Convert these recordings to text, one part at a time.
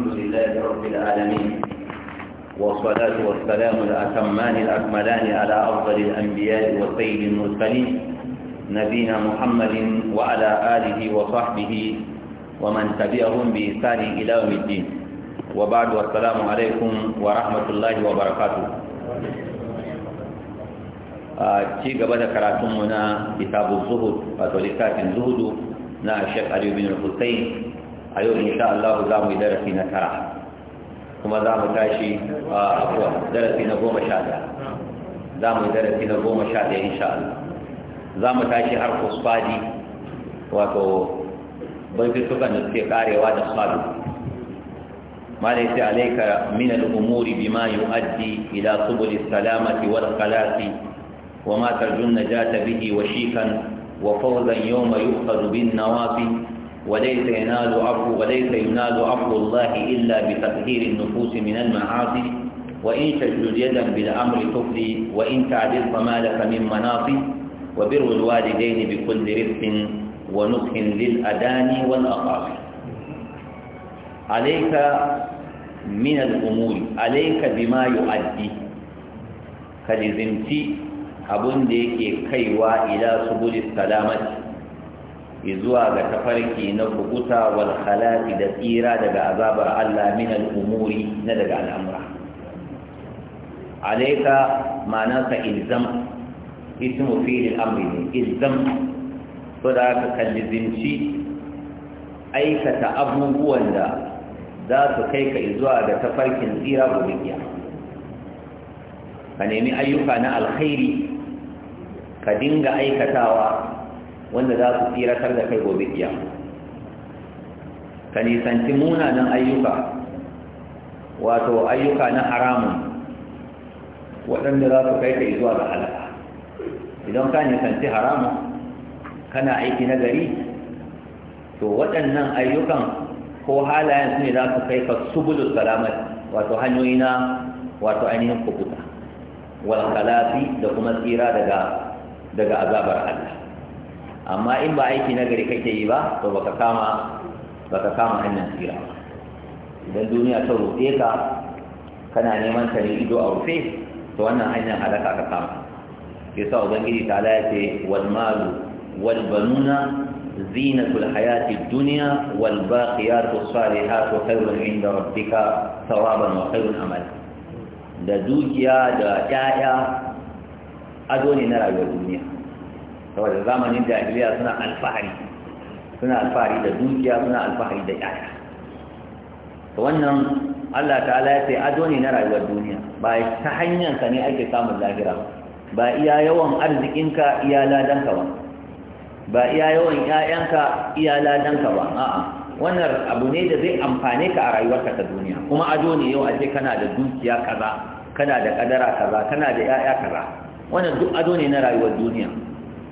الحمد لله رب العالمين والصلاة والسلام الأتمان الأكملان على أفضل الأنبياء وسيد المرسلين نبينا محمد وعلى آله وصحبه ومن تبعهم بإحسان إلى يوم الدين وبعد والسلام عليكم ورحمة الله وبركاته ci gaba da karatunmu na kitabun zuhud wato littafin zuhudu na shek aliyu bin hussein a yau insha Allah za mu yi darasi na tara kuma za mu tashi a abuwa darasi na goma sha daya za mu yi darasi na goma sha daya insha Allah za mu tashi har kusfadi wato bankutukan da suke karewa da salu ما ليس عليك من الأمور بما يؤدي إلى سبل السلامة والخلاص وما ترجو النجاة به وشيكا وفوزا يوم يؤخذ بالنوافي وليس ينال عفو وليس ينال عفو الله إلا بتطهير النفوس من المعاصي وإن تجد يدا بالأمر تفلي وإن تعدل فما لك من مناصي وبر الوالدين بكل رفق ونصح للأداني والأقاصي عليك من الأمور عليك بما يؤدي كلزمتي abun da yake kaiwa ila subulis salamati zuwa ga tafarki na bukuta wal khalati da tsira daga azabar Allah min al-umuri na daga al'amura alayka manaka ka ilzam ismu amri ne ilzam to da ka kallizinci aikata abubuwan da za su kai ka zuwa ga tafarkin tsira gobe ka nemi ayyuka na alkhairi ka dinga aikatawa wanda za su tsiratar da kai gobe kiyama ka nisanci munanan ayyuka wato ayyuka na haramun waɗanda za su kai ka zuwa ga halaka idan ka nisanci haramun kana aiki na gari to waɗannan ayyukan ko halayen su ne za su kai ka subulu salamat wato hanyoyi na wato ainihin kubuta wal da kuma tsira daga azabar Allah amma in ba aiki na gari kake yi ba to baka kama baka kama hanyar tsira idan duniya ta roƙe ka kana neman ta ne ido a rufe to wannan hanyar halaka ka kama ke sa ubangiji ta ala ce wal malu wal banuna zinatul hayati dunya wal baqiyatu salihatu khairun inda rabbika thawaban wa khairun amala da dukiya da ƴaƴa ado ne na rayuwar duniya saboda zamanin jahiliya suna alfahari suna alfahari da dukiya suna alfahari da yaya to wannan Allah ta'ala ya ce ado ne na rayuwar duniya ba ta hanyar ka ne ake samun lahira ba iya yawan arzikinka iya ladanka ba ba iya yawan ƴaƴanka iya ladanka ba a'a wannan abu ne da zai amfane ka a rayuwarka ta duniya kuma ado ne yau a ce kana da dukiya kaza kana da kadara kaza kana da ƴaƴa kaza wannan duk ado ne na rayuwar duniya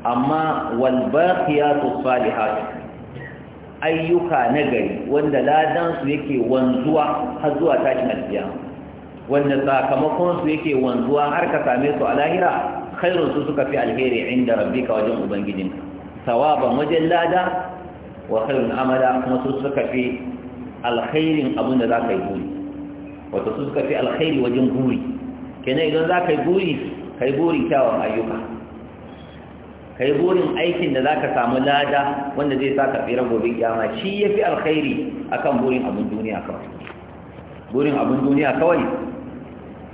amma walbaqiyatu salihatu ayyuka na gari wanda ladan su yake wanzuwa har zuwa tashin alkiyama wanda sakamakon su yake wanzuwa har ka same su a lahira khairun su suka fi alheri inda rabbika wajen ubangijinka sawaban wajen lada wa khairun amala kuma su suka fi alkhairin abin da za ka yi buri wato su suka fi alkhairi wajen buri kenan idan za ka yi buri kai yi buri kyawun ayyuka kai burin aikin da zaka samu lada wanda zai sa ka tsira gobe kiyama shi yafi alkhairi akan burin abin duniya kawai burin abin duniya kawai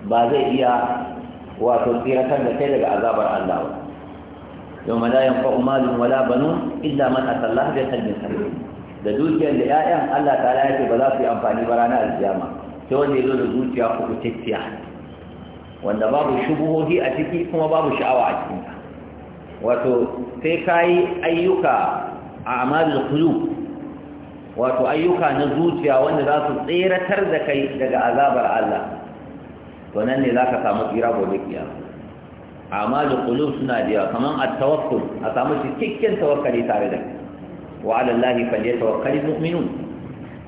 ba zai iya wato tsiratar da kai daga azabar Allah ba yawma la yanfa'u malun wala banun illa man atallaha bi qalbin salim da dukiyar da 'ya'yan Allah ta'ala ya ba za su yi amfani ba ranar aljiyama sai wanda ya zo da zuciya ko kutacciya wanda babu shubuhohi a ciki kuma babu sha'awa a cikin wato sai ka yi ayyuka a amalin kulu wato ayyuka na zuciya wanda za su tseratar da kai daga azabar Allah to nan ne za ka samu tsira gobe A amalin kulu suna da yawa kamar a tawakkul a samu cikakken tawakkali tare da wa ala Allah falle tawakkali mu'minun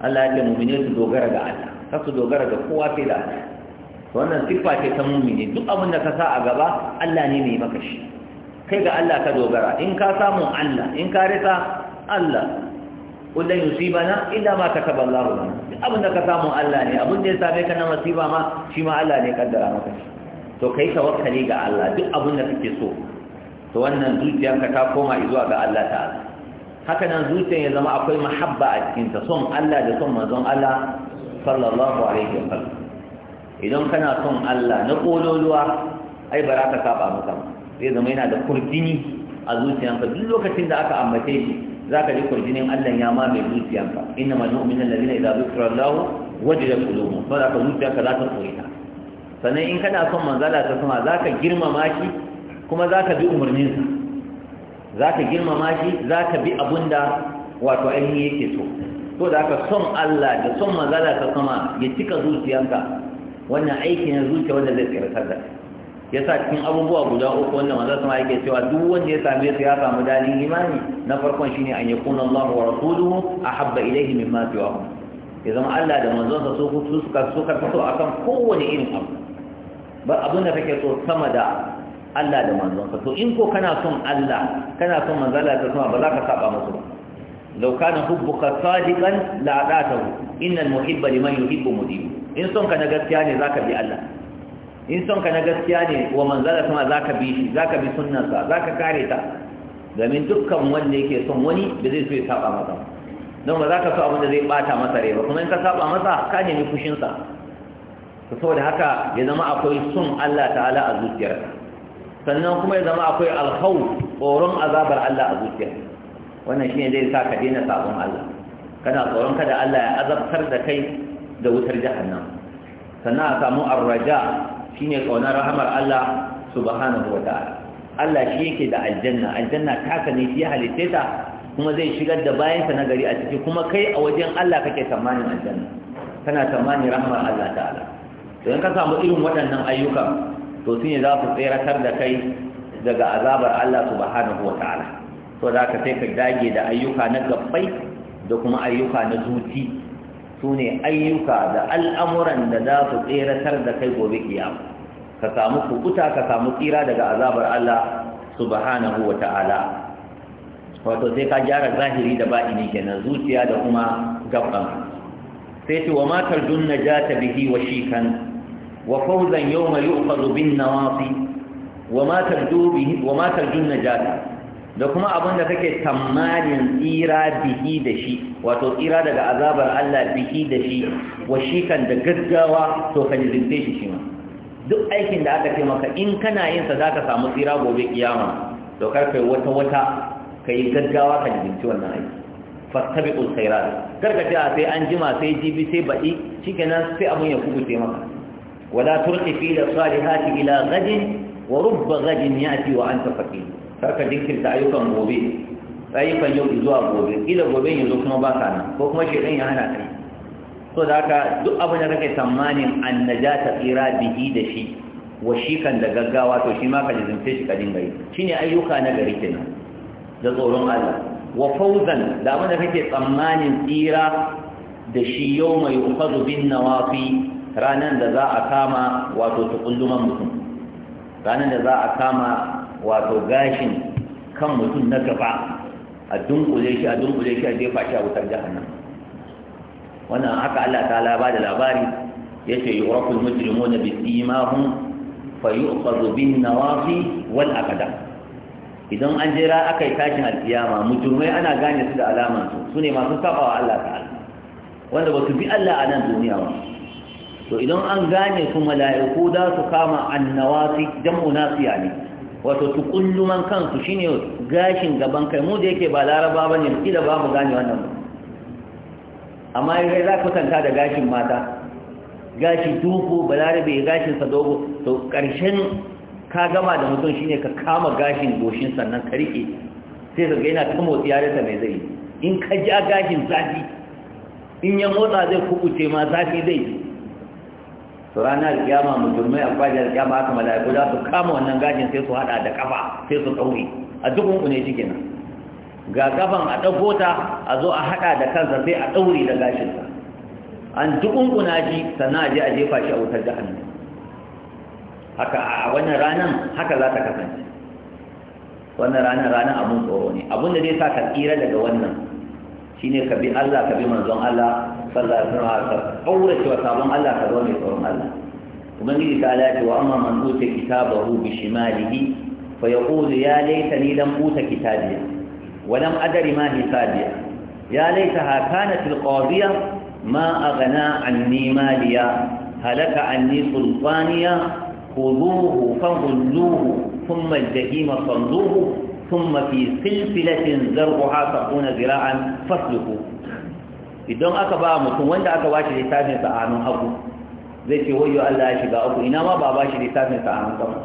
Allah ya ce mu'mini su dogara ga Allah kar su dogara ga kowa sai da Allah wannan siffa ce ta mu'mini duk abin da ka sa a gaba Allah ne mai maka shi kai ga Allah ka dogara in ka samu Allah in ka rika Allah kullun yusibana illa ma kataba Allah lana abin da ka samu Allah ne abin da ya same ka na masiba ma shi ma Allah ne kaddara maka shi to kai tawakkali ga Allah duk abin da kake so to wannan zuciyarka ta koma zuwa ga Allah ta'ala haka nan zuciyar ya zama akwai mahabba a cikin ta son Allah da son manzon Allah sallallahu alaihi wa sallam idan kana son Allah na kololuwa ai baraka saba maka zai zama yana da kurjini a zuciyanka duk lokacin da aka ambace shi ka ji kurjinin Allah ya mame zuciyanka innamal mu'minu waje da dhukira Allah wajida da aka zuciya ka za ta ta sannan in kana son manzala ta sama za ka girmama shi kuma za ka bi umarnin sa ka girmama shi za ka bi abunda wato ainihi yake so to da aka son Allah da son manzala ta sama ya cika zuciyanka wannan aiki na zuciya wanda zai tsirkar da shi ya sa cikin abubuwa guda uku wannan manzon sama yake cewa duk wanda ya same su ya samu dalin imani na farkon shine an yakuna Allahu wa rasuluhu ahabba ilayhi mimma siwahum ya zama Allah da manzon sa su suka suka fito akan kowane irin abu ba abin da kake so sama da Allah da manzon sa to in ko kana son Allah kana son manzon Allah ta sama ba za ka saba musu ba law kana hubbuka sadiqan la adatahu innal muhibba liman yuhibbu mudib in son ka na gaskiya ne zaka bi Allah in son ka na gaskiya ne wa da kuma za ka bi shi za ka bi sunnansa za ka kare ta domin dukkan wanda yake son wani da zai so ya saba masa don ba za ka so abin da zai bata masa rai ba kuma in ka saba masa ka nemi fushinsa saboda haka ya zama akwai sun Allah ta'ala a zuciyarka sannan kuma ya zama akwai al'hau tsoron azabar Allah a zuciya. wannan shine zai sa ka daina sabon Allah kana tsoron kada Allah ya azabtar da kai da wutar jahannam sannan a samu arraja shine kaunar rahamar Allah subhanahu wa Allah shi yake da aljanna aljanna taka ne shi halitta ta kuma zai shigar da bayansa na gari a ciki kuma kai a wajen Allah kake tsammanin aljanna kana tsammanin rahmar Allah ta'ala to in ka samu irin waɗannan ayyuka to sune ne za su tseratar da kai daga azabar Allah subhanahu wa to za ka sai ka dage da ayyuka na gabbai da kuma ayyuka na zuci su ne ayyuka da al'amuran da za su tseratar da kai gobe kiyama ka samu kubuta ka samu tsira daga azabar Allah subhanahu wa ta'ala wato sai ka gyara zahiri da ba'ini kenan zuciya da kuma gaban sai ce wa matar dunna ja ta bihi wa shikan wa fauzan yau mai yi bin nawafi wa matar dunna ja ta da kuma abun da kake tamanin tsira bihi da shi wato tsira daga azabar Allah bihi da shi wa shi kan da gaggawa to ka nizinte shi shi ma duk aikin da aka taimaka in kana yin sa za ka samu tsira gobe kiyama to kar kai wata wata ka yi gaggawa ka nizinci wannan aiki fastabiqul khairat kar ka a sai an jima sai jibi sai baɗi shikenan sai abun ya kubuce maka wala turqi fi salihati ila ghadin wa rubba ghadin ya'ti wa anta faqir karka jinkirta ayyukan gobe ayyukan yau zuwa gobe ila gobe yanzu kuma ba ka nan ko kuma shedan ya hana ka so da haka duk abin da kake tsammanin annajata tsira bihi da shi wa shi kan da gaggawa to shi ma ka jizince shi ka dinga yi shine ayyuka na gari kenan da tsoron Allah wa fawzan da abin da kake tsammanin tsira da shi yau mai ukhadhu bin nawafi ranan da za a kama wato tukunduman mutum ranan da za a kama wato gashin kan mutum na gaba a dunkule shi a dunkule shi a jefa shi a wutar jahannam wannan haka Allah ta'ala ba da labari yace yurafu al-mujrimuna bi simahum fa yu'khadhu bin nawafi wal aqdam idan an jira akai tashin al-qiyama mujrimai ana gane su da alaman su sune masu sabawa Allah ta'ala wanda ba su bi Allah a nan duniya ba to idan an gane su mala'iku da su kama annawafi jam'u nasiya ne wato tukulluman kansu shine gashin gaban kai mu da yake ba laraba ba ne kila ba mu gane wannan amma idan za ka tanta da gashin mata gashi duku balarabe gashin sa dogo to karshen ka gama da mutum shine ka kama gashin goshin sannan ka rike sai ka ga yana ta motsi yare ta mai zai in ka ji gashin zafi in ya motsa zai kubuce ma zafi zai to ranar alkiyama musulmai a kwajar alkiyama aka mala'iku za su kama wannan gajin sai su hada da kafa sai su ɗaure a dukkan ku ne shi kenan ga kafan a ɗauko ta a zo a hada da kansa sai a ɗaure da gashinsa an dukkan ku na ji sannan a je a jefa shi a wutar jahannam haka a wannan ranar haka za ta kasance wannan ranar ranar abun tsoro ne abun da zai sa ka tsira daga wannan shine ka bi Allah ka bi manzon Allah sallallahu alaihi wasallam ka cewa sabon Allah ka zo mai tsoron Allah ubangiji ta ala ce wa amma man uta kitabahu bi shimalihi fa yaqulu ya laita ni lam uta kitabiya wa lam adri ma hisabiya ya laita laitaha kanat alqadiya ma aghna anni maliya halaka anni sultaniya خذوه فغلوه ثم الجحيم صلوه ثم في سلسلة زرعها تكون ذراعا فاسلكوه idan aka ba mutum wanda aka ba shi littafin sa a hannun hagu zai ce wayo Allah ya shiga uku ina ma ba ba shi littafin sa a hannun sama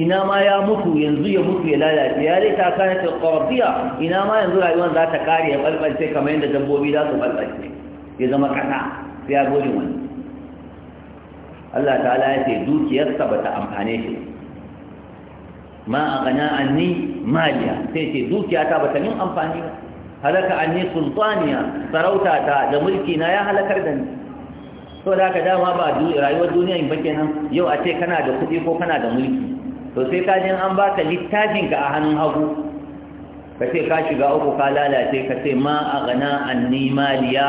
ina ma ya mutu yanzu ya mutu ya lalace ya laita kana ta qardiya ina ma yanzu rayuwar za ta kare ya balbalce kamar yadda dabbobi za su balbalce ya zama kana sai ya gode wani Allah ta'ala ya ce dukiyarsa ba ta amfane shi ma a gana anni maliya sai ce ta ba ta nin amfani ba halaka anni sultaniya sarauta ta da mulki na ya halakar da ni to da ka dama ba rayuwar duniya in bake nan yau a ce kana da kuɗi ko kana da mulki to sai ka jin an baka littafin ka a hannun hagu ka ce ka shiga uku ka lalace ka ce ma a gana anni maliya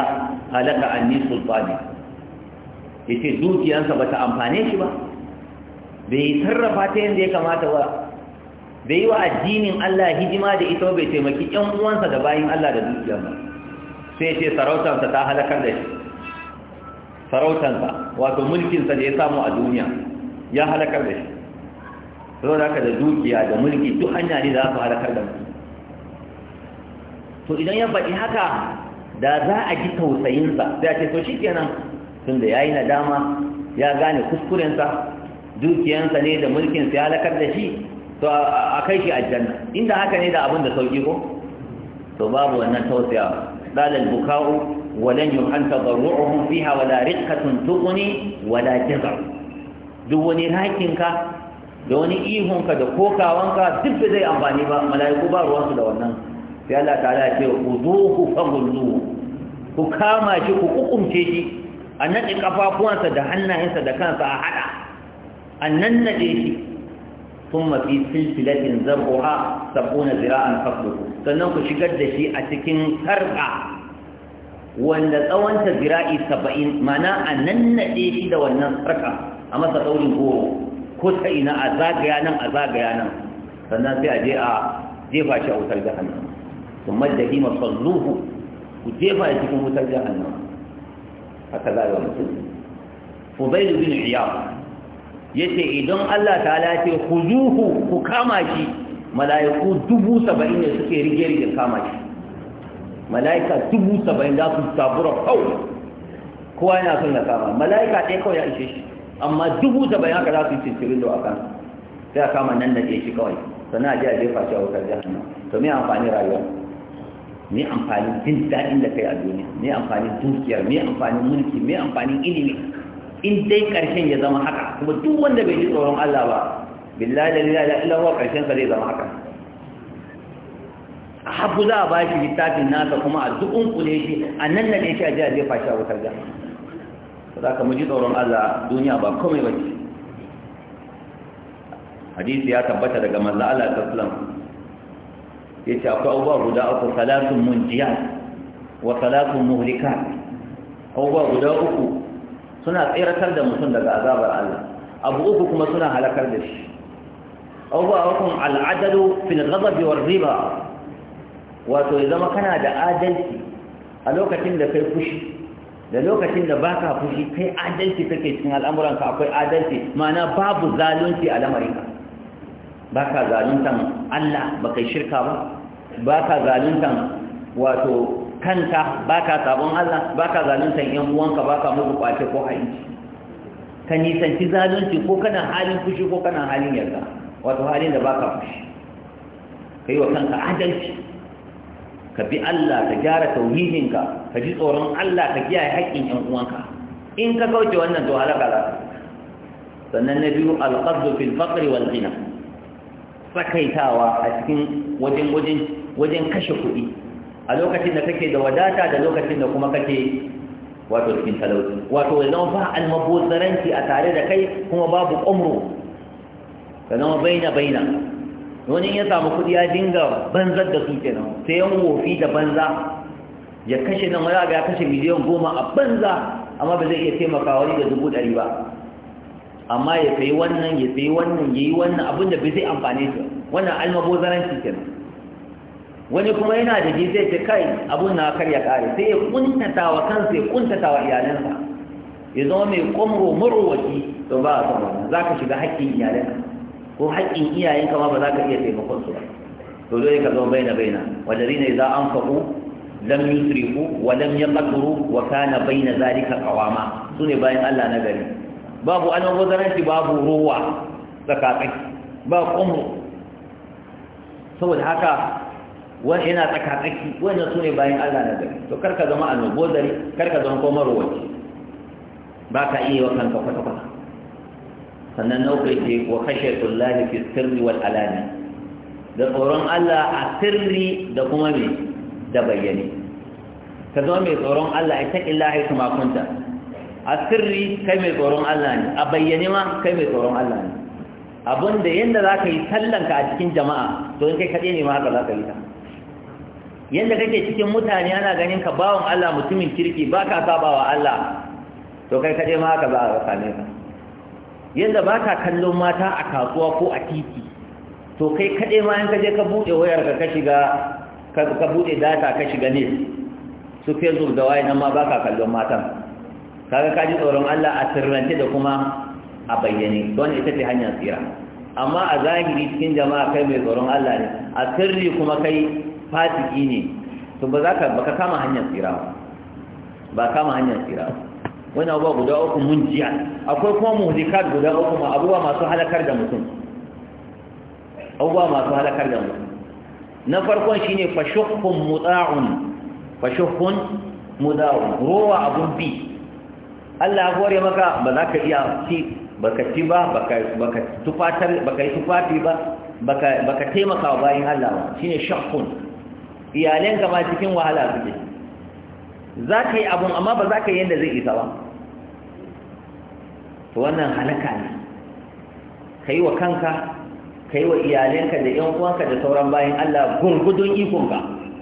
halaka anni sultaniya ya ce dukiyansa ba ta amfane shi ba bai sarrafa ta yadda ya kamata ba bai yi wa addinin Allah hidima da ita bai taimaki ƴan uwansa da bayin Allah da dukiya ba sai ce sarautarsa ta halakar da shi sarautarsa wato mulkinsa da ya samu a duniya ya halakar da shi sau da da dukiya da mulki duk hanya ne za su halakar da mutum to idan ya faɗi haka da za a ji tausayinsa sai a ce to shi kenan tun da ya yi nadama ya gane kuskurensa dukiyansa ne da mulkinsa ya halakar da shi to a kai shi aljanna inda haka ne da abin da sauki ko to babu wannan tausayawa قال البكاء ولن يرهن تضرعهم فيها ولا رقة تغني wala جزع duk wani rakinka da wani ihunka da kokawanka duk da zai amfani ba mala'iku ba ruwansu da wannan sai Allah ta'ala ce ku zo ku fagullu ku kama shi ku kukumce shi a naɗe kafafuwansa da hannayensa da kansa a haɗa a nannaɗe shi ثم في سلسلة زرعها سبعون ذراعا فصله sannan ku shigar da shi a cikin sarƙa wanda tsawonta zira'i saba'in mana a nan naɗe shi da wannan sarƙa a masa ɗaurin goro ko ta ina a zagaya nan a zagaya nan sannan sai a je a jefa shi a wutar jahannama su madda hima salluhu ku jefa shi cikin wutar jahannama haka za a yi wa mutum fubailu bin iyab yace idan Allah ta ce khuzuhu ku kama shi mala'iku dubu saba'in ne suke rige rige kama shi mala'ika dubu saba'in za su tabura kawai kowa yana son ya kama mala'ika ɗaya kawai ya ishe shi amma dubu saba'in haka za su yi cincirin da akan sai a kama nan da ke shi kawai sannan a je a jefa shi a wutar jahannam to me amfani rayuwa me amfani jin daɗin da kai a duniya me amfani dukiyar me amfani mulki me amfani ilimi in dai ƙarshen ya zama haka kuma duk wanda bai ji tsoron Allah ba billahi la ilaha illa huwa ƙarshen sa zai zama haka a haku za a ba shi littafin nasa kuma a dukkan kule shi a nan na shi a a je fashi a wutar da za ka mu ji tsoron Allah duniya ba komai ba ce hadisi ya tabbata daga manzo Allah sallallahu alaihi yace akwai abubuwa guda uku salatun munjiya wa salatun muhlikat abubuwa guda uku suna tsiratar da mutum daga azabar Allah abu uku kuma suna halakar da shi abubuwa hukun al'adalu fil ghadabi war riba wato ya zama kana da adalci a lokacin da kai fushi da lokacin da baka fushi kai adalci kake cikin al'amuranka akwai adalci ma'ana babu zalunci a lamarinka baka zaluntan Allah baka shirka ba baka zaluntan wato kanka baka sabon Allah baka zalunta yan uwanka baka musu kwace ko hainci ka nisanci zalunci ko kana halin fushi ko kana halin yarda wato halin da ba ka fushi kai wa kanka adalci ka bi Allah ka gyara tauhidinka ka ji tsoron Allah ka kiyaye haƙƙin yan uwanka in ka kauce wannan to halaka za ka sannan na biyu alqabdu fil faqri wal ghina sakaitawa a cikin wajen wajen wajen kashe kuɗi a lokacin da kake da wadata da lokacin da kuma kake wato cikin talauci wato ya zama ba almabotsaranci a tare da kai kuma babu ƙumru ka zama baina baina wani ya samu kuɗi ya dinga banzar da su kenan sai yan wofi da banza ya kashe nan wani ga ya kashe miliyan goma a banza amma ba zai iya taimaka wani da dubu ɗari ba amma ya sayi wannan ya sayi wannan ya yi wannan abin da bai zai amfane su wannan almabozaranci kenan wani kuma yana da ji zai ce kai abun na karya kare sai ya kuntata wa kansa ya kuntata wa iyalansa ya zama mai kwamro marowaki to ba a son wannan za ka shiga haƙƙin iyalanka ko haƙƙin iyayenka ma ba za ka iya taimakon su ba to dole ka zama baina baina wallazina idza anfaqu lam yusrifu wa lam yaqdiru wa kana baina zalika qawama sune bayan Allah na gari babu almubazaranci babu ruwa tsakatsaki ba kwamro saboda haka wani yana tsakatsaki wannan su ne bayan Allah na gari to karka zama almubodari karka zama komar wace ba ka iya wa kanka kwata-kwata sannan na uku ce wa kashe kullahi fi sirri wal alani da tsoron Allah a sirri da kuma me da bayyane ka zama mai tsoron Allah ita illahi kuma kunta a sirri kai mai tsoron Allah ne a bayyane ma kai mai tsoron Allah ne abinda yadda za ka yi sallanka a cikin jama'a to in kai kaɗe ne ma haka za ka yi ta yadda kake cikin mutane ana ganin ka bawan Allah mutumin kirki ba ka sabawa Allah to kai kaɗai ma haka ba a same ka yadda ba ka kallon mata a kasuwa ko a titi to kai kaɗai ma in ka je ka bude wayar ka shiga ka buɗe data ka shiga ne su facebook da wayan ma ba ka kallon matan kaga ka ji tsoron Allah a sirrance da kuma a bayyane don ita ce hanyar tsira amma a zahiri cikin jama'a kai mai tsoron Allah ne a sirri kuma kai fasiki ne to ba za ka baka kama hanyar tsira ba kama hanyar tsira wani abuwa guda uku mun jiya akwai kuma muhdikat guda uku ma abuwa masu halakar da mutum abuwa masu halakar da mutum na farkon shine fashuhun muta'un fashuhun muta'un rowa abun bi Allah ya gore maka ba za ka iya ci baka ci ba baka tufatar baka yi tufafi ba baka taimaka wa bayin Allah shine shahun iyalanka ma cikin wahala suke za ka yi abun amma ba za ka yi yadda zai isa ba to wannan halaka ne ka yi wa kanka ka yi wa iyalanka da yan uwanka da sauran bayan Allah gurgudun ikonka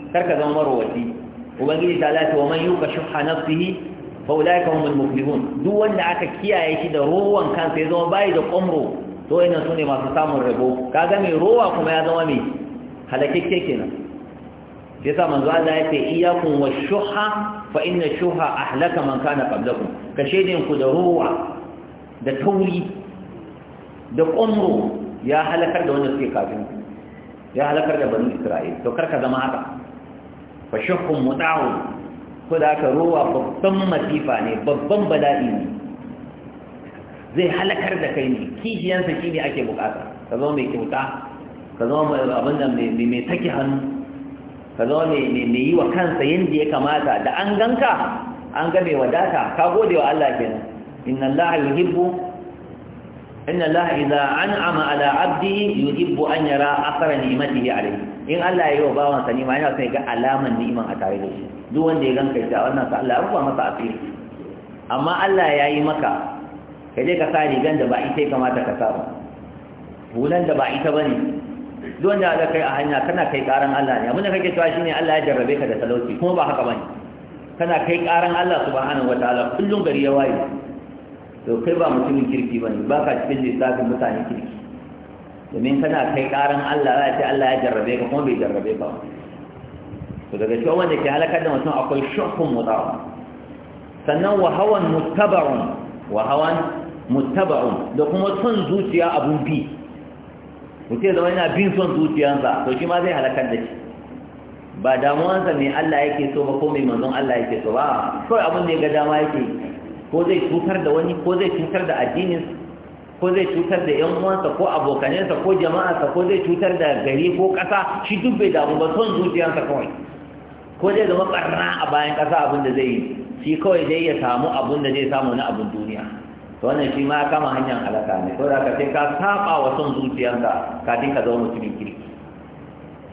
kar ka zama marowaci ubangiji ta lati wa man yuka shuhha nafsihi fa ulaika humul muflihun duk wanda aka kiyaye shi da rowan kansa ya zama bayi da kwamro to ina sune masu samun rabo ga mai rowa kuma ya zama mai halakakke kenan shi yasa manzo Allah ya ce wa shuha? fa inna shuha ahlaka man kana qablakum ka shedin ku da ruwa da tauri da qamru ya halakar da wanda suke kafin ku ya halakar da banu Isra'il to karka zama haka fa shuhum muta'u ku da aka ruwa babban masifa ne babban bala'i ne zai halakar da kai ne kishiyansa shi ake bukata ka zama mai kyauta ka zama abin da mai take hannu ka ne ne yi wa kansa yadda ya kamata da an ganka an ga mai wadata ka gode wa Allah kenan inna Allah yuhibbu inna Allah idza an'ama ala 'abdihi yuhibbu an yara akara ni'matihi alayhi in Allah ya yi wa bawan sa ni'ima yana son ga alaman ni'iman a tare da shi duk wanda ya ganka ya wannan sa Allah ya rufa masa asiri amma Allah ya yi maka ka je ka sa rigan da ba ita ya kamata ka sa ba hulan da ba ita bane duk wanda da kai a hanya kana kai karan Allah ne abin da kake cewa shine Allah ya jarrabe ka da talauci kuma ba haka bane kana kai karan Allah subhanahu wataala kullum gari ya waye to kai ba mutumin kirki bane ba ka cikin lissafin mutane kirki domin kana kai karan Allah ya ce Allah ya jarrabe ka kuma bai jarrabe ka to daga cikin wanda ke halakar da mutum akwai shukun mutawa sannan wa hawan wahawan wa hawan muttaba'un da kuma son zuciya abu bi mutum zama yana bin son zuciyansa to shi ma zai halakar da shi ba damuwansa mai Allah yake so ba ko mai manzon Allah yake so ba kawai abin da ga dama yake ko zai cutar da wani ko zai cutar da addinin ko zai cutar da yan uwansa ko abokanansa ko jama'arsa ko zai cutar da gari ko ƙasa shi duk bai damu ba son zuciyansa kawai ko zai zama karna a bayan kasa abin da zai yi shi kawai dai ya samu abin da zai samu na abin duniya to wannan shi ma kama hanyar halaka ne ko da ka ce ka saba wa son zuciyarka kafin ka zama mutumin kirki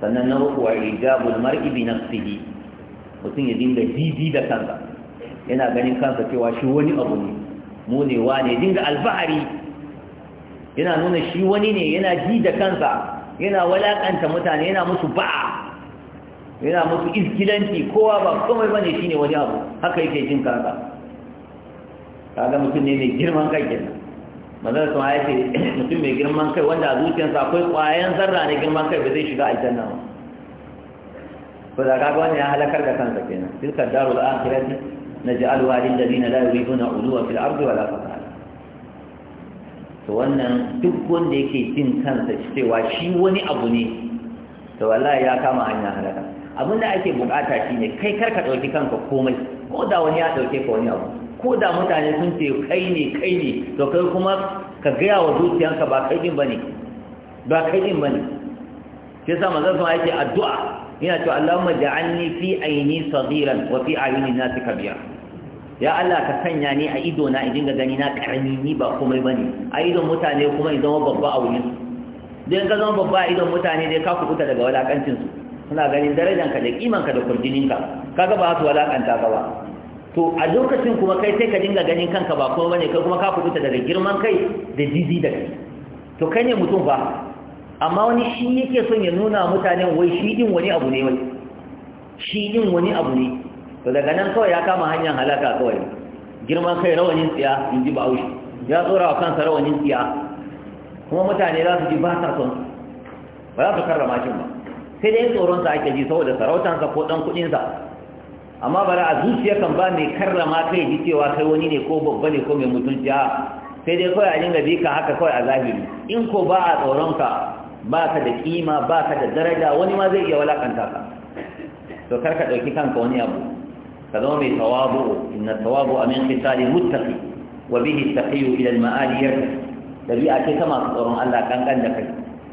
sannan na uku wa ijabul mar'i bi nafsihi mutum ya dinga jiji da kansa yana ganin kansa cewa shi wani abu ne mu ne wa ne dinga alfahari yana nuna shi wani ne yana ji da kansa yana walakanta mutane yana musu ba'a yana musu izgilanci kowa ba komai bane shine wani abu haka yake jin kansa kaga mutum ne mai girman kai kenan manzon sun ya ce mutum mai girman kai wanda a zuciyarsa akwai ƙwayan zarra na girman kai ba zai shiga aljanna ba ko da kaga wani ya halakar da kansa kenan tilka darul akhirati naj'aluha lil ladina la yuriduna uluwa fil ardi wala fasada to wannan duk wanda yake jin kansa cewa shi wani abu ne to wallahi ya kama hanya halaka abin da ake bukata shine kai karka dauki kanka komai ko da wani ya dauke ka wani abu ko da mutane sun ce kai ne kai ne to kai kuma ka gaya wa zuciyanka ba kai din bane ba kai din bane shi sa manzon sun yake addu'a yana cewa Allahumma ja'alni fi aini saghiran wa fi ayni nasi kabira ya Allah ka sanya ni a ido na idin ga gani na karami ni ba komai bane a idon mutane kuma idan zama babba a wurin dan ka zama babba a idon mutane dai ka kubuta daga walakancin su suna ganin darajanka da kimanka da kurjininka kaga ba su walakanta gaba. ba to a lokacin kuma kai sai ka dinga ganin kanka ba kuma bane kai kuma ka fito daga girman kai da jiji da kai to kai ne mutum ba amma wani shi yake son ya nuna mutanen wai shi din wani abu ne wai shi din wani abu ne to daga nan kawai ya kama hanyar halaka kawai girman kai rawanin tsiya in ji bahaushe ya tsora wa kansa rawanin tsiya kuma mutane za su ji ba sa son ba za su karrama shi ba sai dai tsoron sa ake ji saboda sarautansa ko dan kudin sa amma bara a zuciya kan ba mai karrama kai ji cewa kai wani ne ko babba ne ko mai mutunci a sai dai kawai a dinga bi ka haka kawai a zahiri in ko ba a tsoronka ba ka da kima ba ka da daraja wani ma zai iya walakanta ka to kar ɗauki kanka wani abu ka zama mai tawabu inna tawabu a min qitali muttaki wa bihi taqiyu ila al ma'ali yarda dabi'a ce ta masu tsoron Allah kankan da kai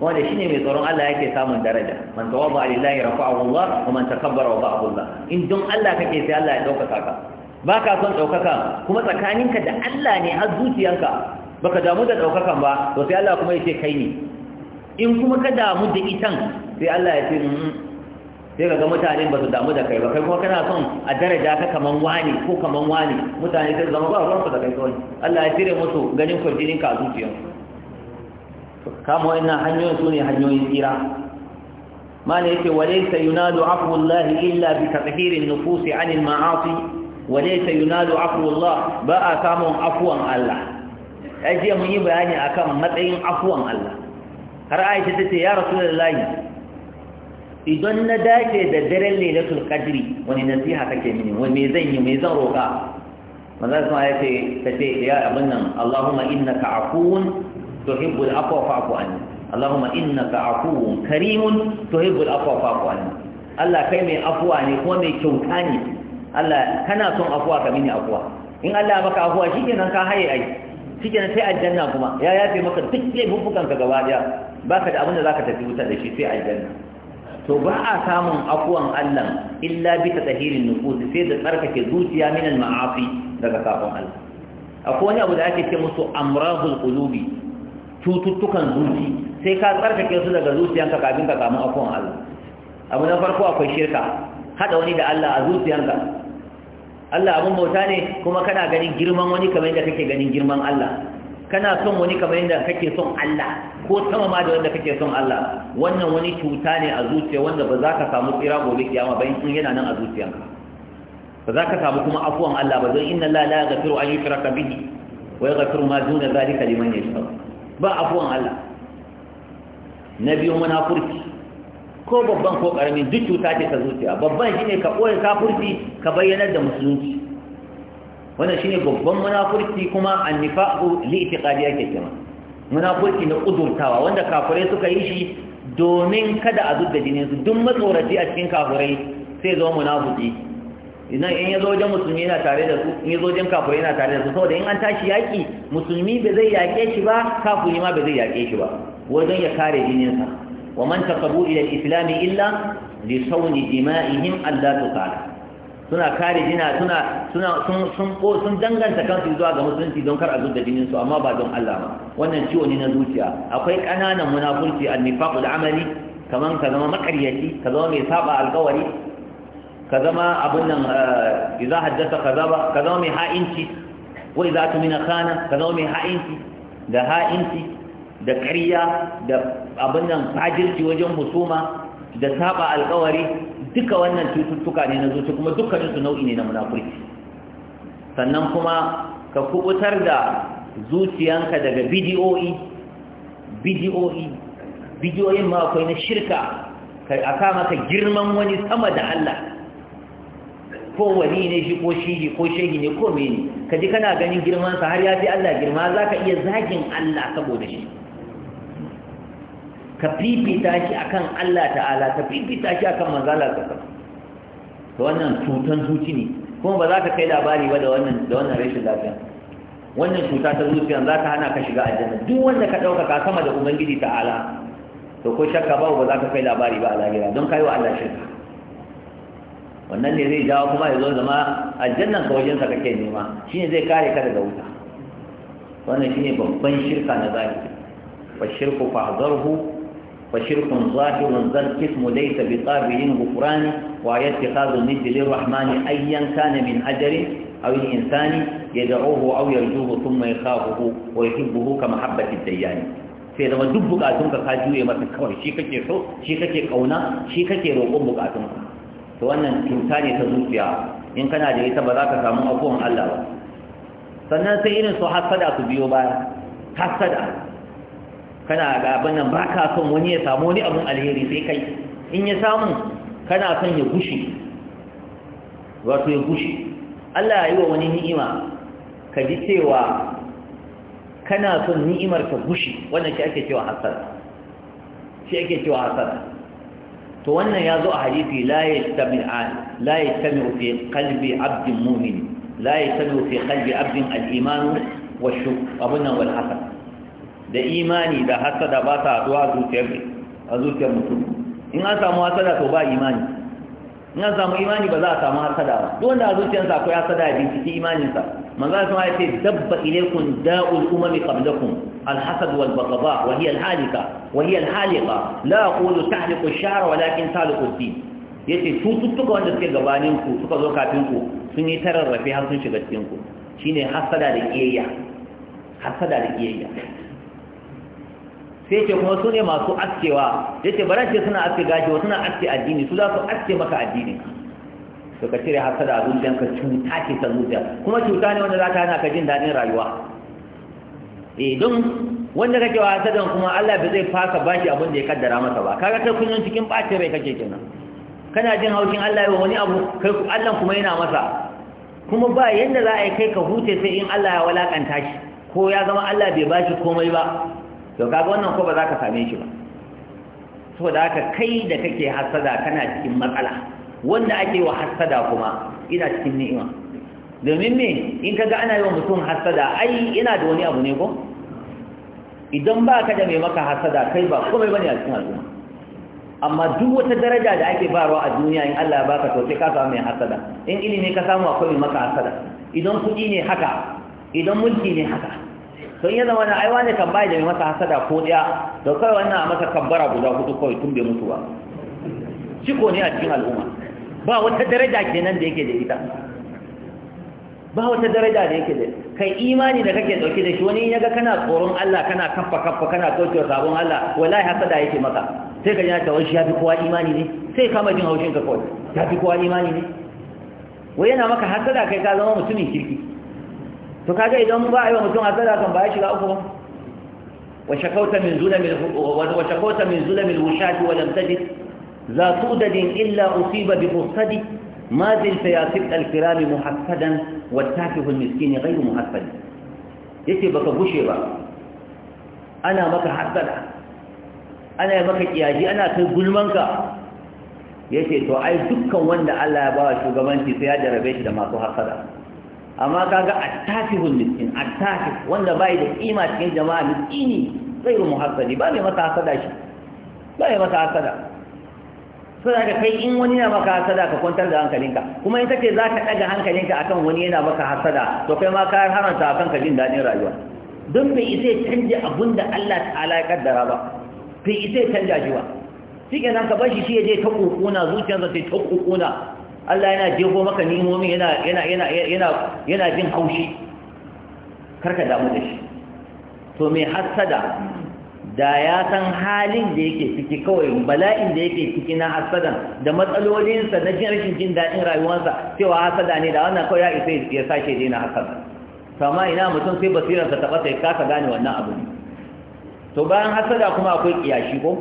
wanda shine mai tsoron Allah yake samun daraja man tawaba lillahi rafa'ahu Allah wa man takabbara wa ba'ahu Allah in don Allah kake sai Allah ya daukaka ka baka son daukaka kuma tsakaninka da Allah ne har zuciyanka baka damu da daukakan ba to sai Allah kuma yace kai ne in kuma ka damu da itan sai Allah ya ce sai ga mutane ba su damu da kai ba kai kuma kana son a daraja ka kaman wani ko kaman wani mutane sai zama ba ruwanku da kai kawai Allah ya cire musu ganin kwarjinin ka a zuciyarsu kama wannan hanyoyin su ne hanyoyin tsira mana yake walaysa yunadu afu Allah illa bi tadhhirin nufusi anil ma'asi walaysa yunadu afu Allah ba a samun afuwan Allah ai jiya mun yi bayani akan matsayin afuwan Allah har Aisha tace ya Rasulullahi idan na dace da daren lailatul qadri wani nasiha kake mini wani me zan yi me zan roka manzo sai ya ce tace ya abin nan Allahumma innaka afuwun tuhibbul afwa fa'fu anni Allahumma innaka afuwun karimun tuhibbul afwa fa'fu anni Allah kai mai afuwa ne kuma mai kyauta ne Allah kana son afuwa ka mini afuwa in Allah baka afuwa shikenan ka haye ai shikenan sai aljanna kuma ya yafe maka duk laifukan ka gaba daya baka da abin da zaka tafi wuta da shi sai aljanna to ba a samun afuwan Allah illa bi tatahirin nufus sai da tsarkake zuciya min al-ma'afi daga kafin Allah akwai wani abu da ake ce musu amrahul qulubi cututtukan zuci sai ka tsarkake su daga zuciyanka kafin ka samu afuwan Allah abu na farko akwai shirka hada wani da Allah a zuciyanka Allah abun bauta ne kuma kana ganin girman wani kamar yadda kake ganin girman Allah kana son wani kamar yadda kake son Allah ko sama ma da wanda kake son Allah wannan wani cuta ne a zuciya wanda ba za ka samu tsira gobe kiyama ba in yana nan a zuciyanka ba za ka samu kuma afuwan Allah ba don inna Allah la yaghfiru an yushraka bihi wa yaghfiru ma duna zalika liman yashaa ba afuwan Allah na biyu munafurci ko babban ko karami duk cuta ce ta zuciya babban shine ka ɓoye kafurci ka bayyanar da musulunci wannan shine babban munafurci kuma annifaqu li ke kuma munafurci na kudurtawa wanda kafirai suka yi shi domin kada a zudda jinin su duk matsoraci a cikin kafirai sai zo munafiki idan in yazo wajen musulmi yana tare da su in yana tare da su saboda in an tashi yaki musulmi ba zai yake shi ba kafin ma ba zai yaƙe shi ba wajen ya kare jininsa wa man taqabu ila al-islam illa li sawni dima'ihim Allah ta'ala suna kare jina suna suna sun sun ko sun danganta kansu zuwa ga musulunci don kar a zuba jinin su amma ba don Allah ba wannan ciwo ne na zuciya akwai kananan munafurci an da amali Kamar ka zama makaryaci ka zama mai saba alƙawari ka zama abin nan eh, idza haddasa kazaba ka zama mai ha'inci za idza tumina khana ka zama mai ha'inci da ha'inci da ƙarya da abin nan fajirci wajen musuma da saba alƙawari duka wannan cututtuka ne na zuci kuma dukkanin su nau'i ne na munafurci sannan kuma ka kubutar da zuciyanka daga bidiyoyi bidiyoyi bidiyoyin ma akwai na shirka a kama ka girman wani sama da Allah ko wani ne shi ko shi ko shehi ne ko mene ka ji kana ganin girman sa har ya fi Allah girma za ka iya zagin Allah saboda shi ka fifita shi akan Allah ta'ala ka fifita shi akan manzala ta to wannan cutan zuci ne kuma ba za ka kai labari ba da wannan da wannan rashin lafiya wannan cuta ta zuciya za ta hana ka shiga aljanna duk wanda ka dauka ka sama da ubangiji ta'ala to ko shakka ba ba za ka kai labari ba a lahira don kai wa Allah shirka wannan ne zai jawo kuma ya zo zama aljannan ka sa kake nema shi ne zai kare ka daga wuta wannan shi ne babban shirka na zahiri fa shirku fa hazarhu fa shirkun zahirun zal kismu laysa bi qabilin ghufrani wa yattakhadhu min dilir rahmani ayyan kana min a aw insani yad'uhu aw yarjuhu thumma yakhafuhu wa yuhibbuhu ka mahabbati ad-dayyan sai zama duk bukatunka ka juye masa kawai shi kake so shi kake kauna shi kake roƙon bukatunka to wannan cuta ne ta zuciya in kana da ita ba za ka samu afuwan Allah ba sannan sai irin su hasada su biyo baya hasada kana ga abin nan ba ka son wani ya samu wani abin alheri sai kai in ya samu kana son ya gushi wato ya gushi Allah ya yi wa wani ni'ima ka ji cewa kana son ni'imar ka gushi wannan shi ake cewa hasada shi ake cewa hasada to wannan ya zo a hadisi la yastami la yastami fi qalbi abd mu'min la yastami fi qalbi abd al-iman wa shuk abuna wal hasad da imani da hasada ba ta zuwa zuciyar mutum in an samu hasada to ba imani in samu imani ba za a samu hasada ba duk wanda a zuciyarsa akwai hasada ya binciki imaninsa manzo Allah ya ce dabba ilaykum da'ul umami qablakum الحسد والبغضاء وهي الهالكة وهي الهالقة لا أقول تحلق الشعر ولكن تحلق الدين yace cututtuka wanda suke gabanin ku suka zo kafin ku sun yi tararrafe har sun shiga cikin ku shine hasada da kiyayya hasada da kiyayya sai ce kuma su ne masu askewa ya ce ba ce suna aske gashi wa suna aske addini su za su aske maka addini to ka cire da a zuciyanka cuta ce ta zuciya kuma cuta ne wanda za ta hana ka jin daɗin rayuwa eh don wanda kake wa hasadan kuma Allah bai zai fasa bashi abin da ya kaddara masa ba kaga kai yi cikin bacin rai kake kenan kana jin haushin Allah ya wani abu kai Allah kuma yana masa kuma ba yanda za a yi kai ka huce sai in Allah ya walakanta shi ko ya zama Allah bai bashi komai ba to kaga wannan ko ba za ka same shi ba saboda haka kai da kake hasada kana cikin matsala wanda ake wa hasada kuma ina cikin ni'ima domin me in kaga ana yi wa mutum hasada ai ina da wani abu ne ko idan ba ka da mai maka hasada kai ba komai bane a cikin al'umma amma duk wata daraja da ake barwa a duniya in Allah ya baka to sai ka samu mai hasada in ilimi ka samu akwai mai maka hasada idan kuɗi ne haka idan mulki ne haka to in ya zama na aiwa ne kan bai da mai masa hasada ko daya da kai wannan a masa kambara guda hudu kawai tun bai mutu ba ciko ne a cikin al'umma ba wata daraja kenan da yake da ita ba wata daraja da yake da kai imani da kake dauke da shi wani ya ga kana tsoron Allah kana kaffa kaffa kana wa sabon Allah wallahi hasada yake maka sai ka yi ta wani ya fi kowa imani ne sai kama jin haushin ka kawai ya fi kowa imani ne wai yana maka hasada kai ka zama mutumin kirki to kaga idan mun ba a yi wa mutum azara kan ba ya shiga uku ba wa shakauta min zulamil wa shakauta min zulamil wushati wa lam tajid za tudadin illa usiba bi mustadi ما زلت يا سبت الكرام محفدا والتافه المسكين ghayr محفد yake baka bushe ba ana maka hasada ana maka kiyaji ana kai gulmanka yake to ai dukkan wanda Allah ya ba shugabanci sai ya jarabe shi da masu hasada amma kaga attafihul miskin attasih wanda bai da kima cikin jama'a miskini zai mu hasadi ba mai masa hasada shi ba mai masa hasada sai da kai in wani na maka hasada ka kwantar da hankalinka kuma in kace zaka daga hankalinka akan wani yana maka hasada to kai ma ka haranta akan ka jin dadin rayuwa don bai isa ya canja abun da Allah ta'ala ya kaddara ba bai isa ya canja shi ba shi kenan ka bar shi shi ya je ta kokona zuciyarsa sai ta kokona Allah yana jefo maka nimomi yana yana yana yana yana jin haushi karka damu da shi to me hasada da ya san halin da yake ciki kawai bala'in da yake ciki na hasadan da matsalolinsa na jin rashin jin daɗin rayuwarsa cewa hasada ne da wannan kawai ya isa ya sake daina hasada sama ina mutum sai basirarsa ta ɓata ya kasa gane wannan abu ne to bayan hasada kuma akwai kiyashi ko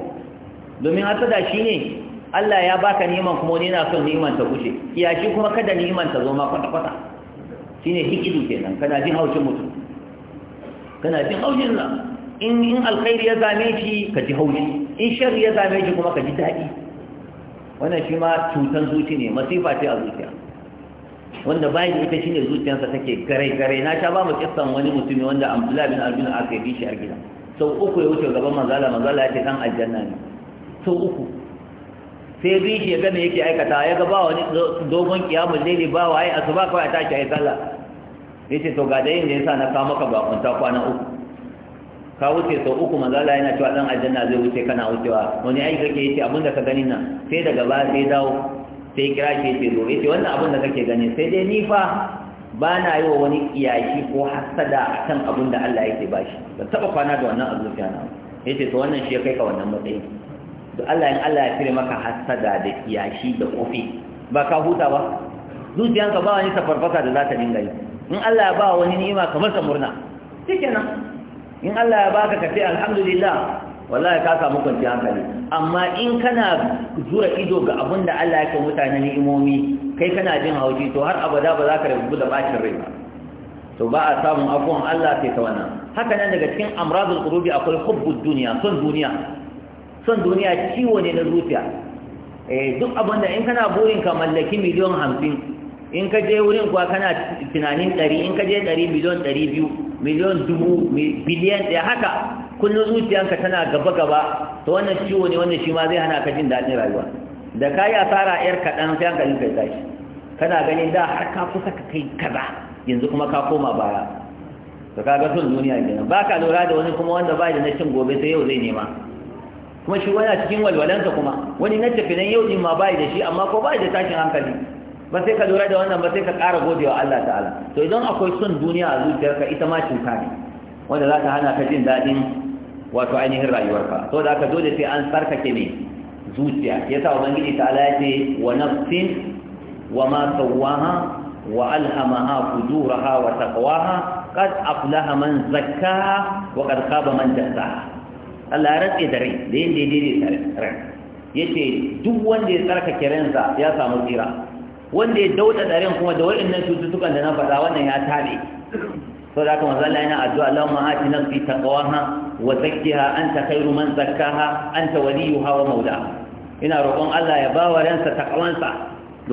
domin hasada shine Allah ya baka ni'iman kuma wani yana son ni'iman ta kushe shi kuma kada ni'iman ta zo ma kwata kwata shine hikidu kenan kana jin haushin mutum kana jin haushin sa in in alkhairi ya zame shi ka ji haushi in sharri ya zame shi kuma ka ji daɗi wannan shi ma cutan zuci ne masifa ce a zuciya wanda bayan ita shine zuciyarsa take gare gare na ta ba mu kissan wani mutumi wanda Abdullah bin Abdul Aziz ya bi shi a gida sau uku ya wuce gaban manzala manzala yake ce dan aljanna ne sau uku sai bi shi ya gane yake aikata ya ga ba wani dogon kiyamun laili ba waye asuba kawai a tashi ayi sallah ce to ga dai ne yasa na kawo maka bakunta kwana uku ka wuce sau uku manzala yana cewa dan aljanna zai wuce kana wucewa wani aiki kake yace abinda ka gani nan sai daga ba sai dawo sai kira shi yace zo yace wannan abin da kake gani sai dai ni fa ba na yi wa wani iyaki ko hasada akan abin da Allah yake bashi ban taba kwana da wannan da na yace to wannan shi ya kai ka wannan matsayi da Allah Allah ya fire maka hasada da kiyashi da kofi ba ka huta ba zuciyanka ba wani safarfasa da za ta dinga yi in Allah ya ba wani ni'ima kamar ta murna shikenan in Allah ya baka ka ce alhamdulillah wallahi ka samu kwanci hankali amma in kana jure ido ga abin da Allah ya kai mutane ni'imomi kai kana jin haushi to har abada ba za ka rubu da bacin rai ba to ba a samun afuwan Allah sai ta wannan haka nan daga cikin amradul qulubi akwai hubbud duniya son duniya son duniya ciwo ne na zuciya eh duk abin da in kana burin ka mallaki miliyon hamsin in ka je wurin kuwa kana tunanin ɗari in ka je ɗari miliyon ɗari biyu miliyon dubu biliyan ɗaya haka kullum zuciyanka tana gaba-gaba to wannan ciwo ne wannan shi ma zai hana ka jin daɗin rayuwa da ka yi asara yar kaɗan sai hankalin kai tashi kana ganin da har ka kusa ka kai kaza yanzu kuma ka koma baya to ga son duniya kenan ba ka lura da wani kuma wanda ba da na cin gobe sai yau zai nema kuma shi wani cikin walwalansa kuma wani na tafinan yau in ma bai da shi amma ko bai da tashin hankali ba sai ka lura da wannan ba sai ka ƙara gode wa Allah ta'ala to idan akwai son duniya a zuciyarka ita ma cuta ne wanda za ta hana ka jin daɗin wato ainihin rayuwarka to da aka dole sai an tsarkake ne zuciya yasa ubangiji ta'ala ya ce wa nafsin wa ma sawwaha وألهمها فجورها وتقواها قد أفلح من زكاها وقد خاب man دساها Allah ya rantse da rai da yin daidai da rai ya ce duk wanda ya tsarkake ransa ya samu tsira wanda ya dauɗa da ran kuma da waɗannan cututtukan da na faɗa wannan ya tabe sau da kuma zalla yana addu'a lawan ma'ati na fi taƙawaha wa zakkiha an ta kairu man zakkaha an ta waliyuha wa mauda ina roƙon Allah ya ba wa ransa taƙawansa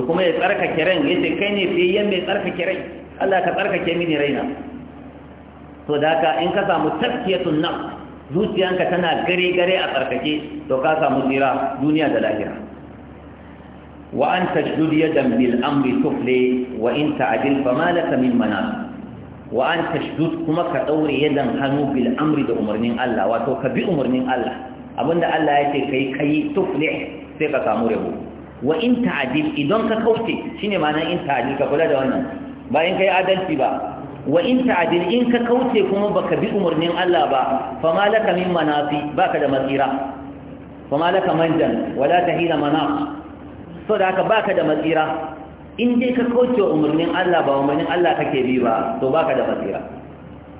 da kuma ya tsarkake ran ya ce kai ne fiyayyen mai tsarkake rai Allah ka tsarkake mini raina to da haka in ka samu tafkiyatun nafs zuciyanka tana gare gare a tsarkake to ka samu tsira duniya da lahira wa an tashdud yadan bil amri tufli wa in ta'dil fa ma laka min manas wa an tashdud kuma ka daure yadan hannu bil amri da umarnin Allah wato ka bi umarnin Allah abinda Allah ya ce kai kai tufli sai ka samu rabo wa in ta'dil idan ka kauce shine ma'ana in ta'dil ka kula da wannan ba in yi adalci ba wa in ta'dil in ka kauce kuma baka bi umarnin Allah ba fama laka min manafi baka da matsira fama laka manjan wala tahila manaf so da haka baka da matsira in dai ka kauce umarnin Allah ba umarnin Allah kake bi ba to baka da matsira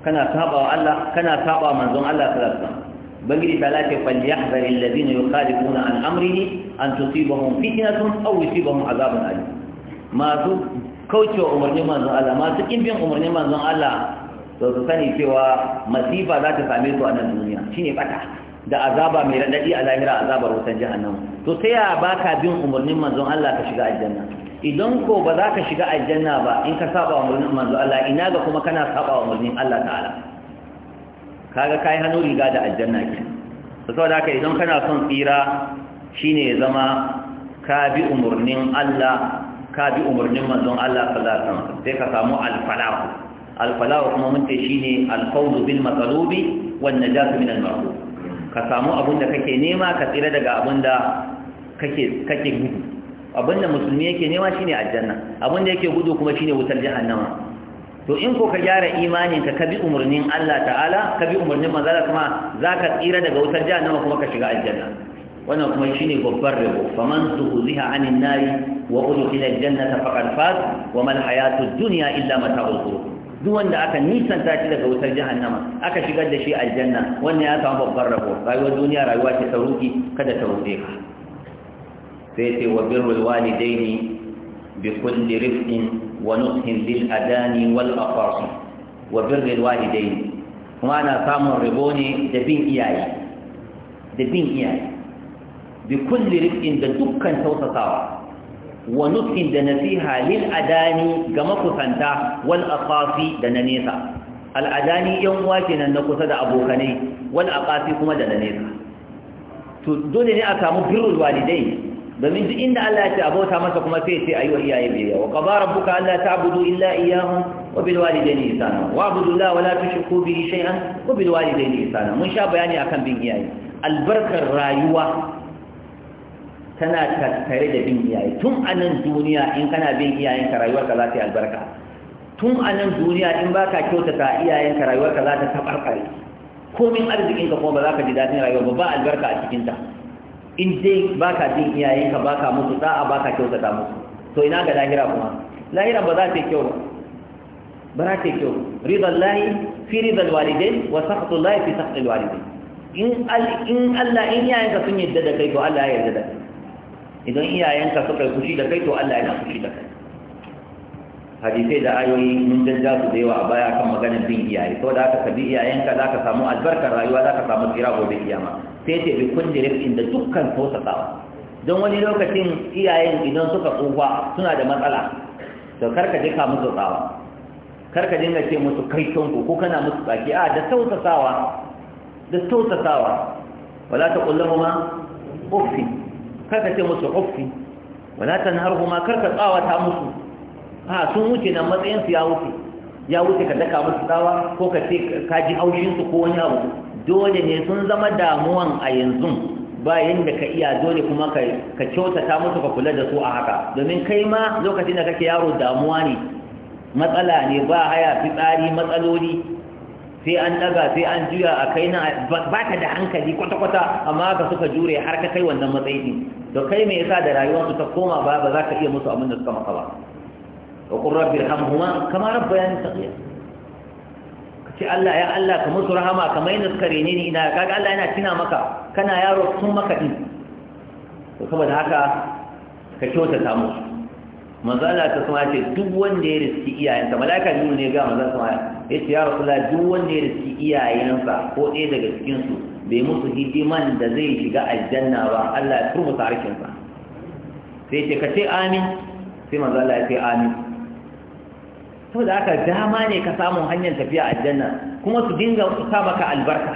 kana saba wa Allah kana saba manzon Allah sallallahu alaihi wasallam بغير ثلاثة فليحذر الذين يخالفون عن أمره أن تصيبهم فتنة أو يصيبهم عذاب أليم ما kaucewa umarnin manzon Allah masu kin bin umarnin manzon Allah to su sani cewa masifa za ta same su a nan duniya shine bata da azaba mai radadi a lahira azabar wutan jahannama to sai ya baka bin umarnin manzon Allah ka shiga aljanna idan ko ba za ka shiga aljanna ba in ka saba umarnin manzon Allah ina ga kuma kana saba umarnin Allah ta'ala kaga kai hannu riga da aljanna ke saboda haka idan kana son tsira shine ya zama ka bi umarnin Allah ka bi umarnin manzon Allah sallallahu alaihi wasallam sai ka samu al-falahu al-falahu kuma mun ce shine al-fawz bil matlubi wan najat min al-marhub ka samu abin da kake nema ka tsira daga abin da kake kake gudu abin da musulmi yake nema shine aljanna abin da yake gudu kuma shine wutar jahannama to in ko ka gyara imanin ka ka bi umarnin Allah ta'ala ka bi umarnin manzon Allah kuma zaka tsira daga wutar jahannama kuma ka shiga aljanna wannan kuma shine babbar rabo faman zuhziha anin nari wa udkhila janna faqad fas wa mal hayatud dunya illa mata ghurur duk wanda aka nisanta shi daga wutar jahannama aka shigar da shi aljanna wannan ya samu babbar rabo rayuwar duniya rayuwa ce ta ruki kada ta ruɗe ka sai sai wa birrul walidaini bi kulli rifqin wa nuthin lil adani wal aqasi wa birrul walidaini kuma ana samun rabo ne da bin iyaye da bin iyaye bi kulli da dukkan tausasawa wa nutqin da nasiha lil adani ga makusanta wal aqafi da na nesa al adani yan wake nan na kusa da abokanai wal aqafi kuma da na nesa to dole ne a samu birrul walidai domin duk inda Allah ya ce abota masa kuma sai sai ayi wa iyaye biyayya wa qadara wa abudu mun sha bayani akan bin iyaye albarkar rayuwa tana tattare da bin iyaye tun a nan duniya in kana bin iyayenka rayuwarka za ta yi albarka tun a nan duniya in ba baka kyautata iyayenka rayuwarka za ta tabarkare komin arzikinka kuma ba za ka ji daɗin rayuwa ba ba albarka a cikinta in dai ka bin iyayenka ba baka musu da'a baka kyautata musu to ina ga lahira kuma lahira ba za ta yi kyau ba ba za ta yi kyau ridan lahi fi ridan walidai wa sakatun lahi fi sakatun walidai in Allah in iyayenka sun yadda da kai to Allah ya yarda da kai idan iyayenka suka yi fushi da kai to Allah yana fushi da kai hadisai da ayoyi mun jajja su da yawa a baya kan maganar bin iyaye to da aka kabi iyayenka za ka samu albarkar rayuwa za ka samu kira gobe kiyama sai ce bi kulli rifin da dukkan tausasawa don wani lokacin iyayen idan suka tsufa suna da matsala to karka ka musu tsawa karka dinga ce musu kai ku, ko kana musu tsaki a da tausasawa da tausasawa wala ta kullahuma uffin karka ce musu uffi wala ma karka tsawata musu ha sun wuce na matsayin su ya wuce ya wuce ka daka musu tsawa ko ka ce ka ji haushin ko wani abu dole ne sun zama damuwan a yanzu bayan da ka iya dole kuma ka kyautata musu ka kula da su a haka domin kai ma lokacin da kake yaro damuwa ne matsala ne ba haya fitsari matsaloli sai an daga sai an juya a kai na ba ka da hankali kwata-kwata amma ka suka jure har ka kai wannan matsayi to kai me yasa da rayuwarsu ta koma ba ba za ka iya musu abin da suka maka ba wa qur rabbi irhamhuma kama rabbayani Ka ce Allah ya Allah ka musu rahama ka yadda suka rene ni ina kaga Allah yana tina maka kana yaro sun maka din to saboda haka ka kyauta ta musu manzala ta kuma ce duk wanda ya riski iyayensa malaka nuna ne ga manzala kuma ya ce ya rasu duk wanda ya riski iyayensa ko ɗaya daga cikinsu bai musu hidiman da zai shiga aljanna ba Allah ya turmu ta harkinsa sai ce ka ce amin sai manzala ya ce amin saboda haka dama ne ka samu hanyar tafiya aljanna kuma su dinga sa maka albarka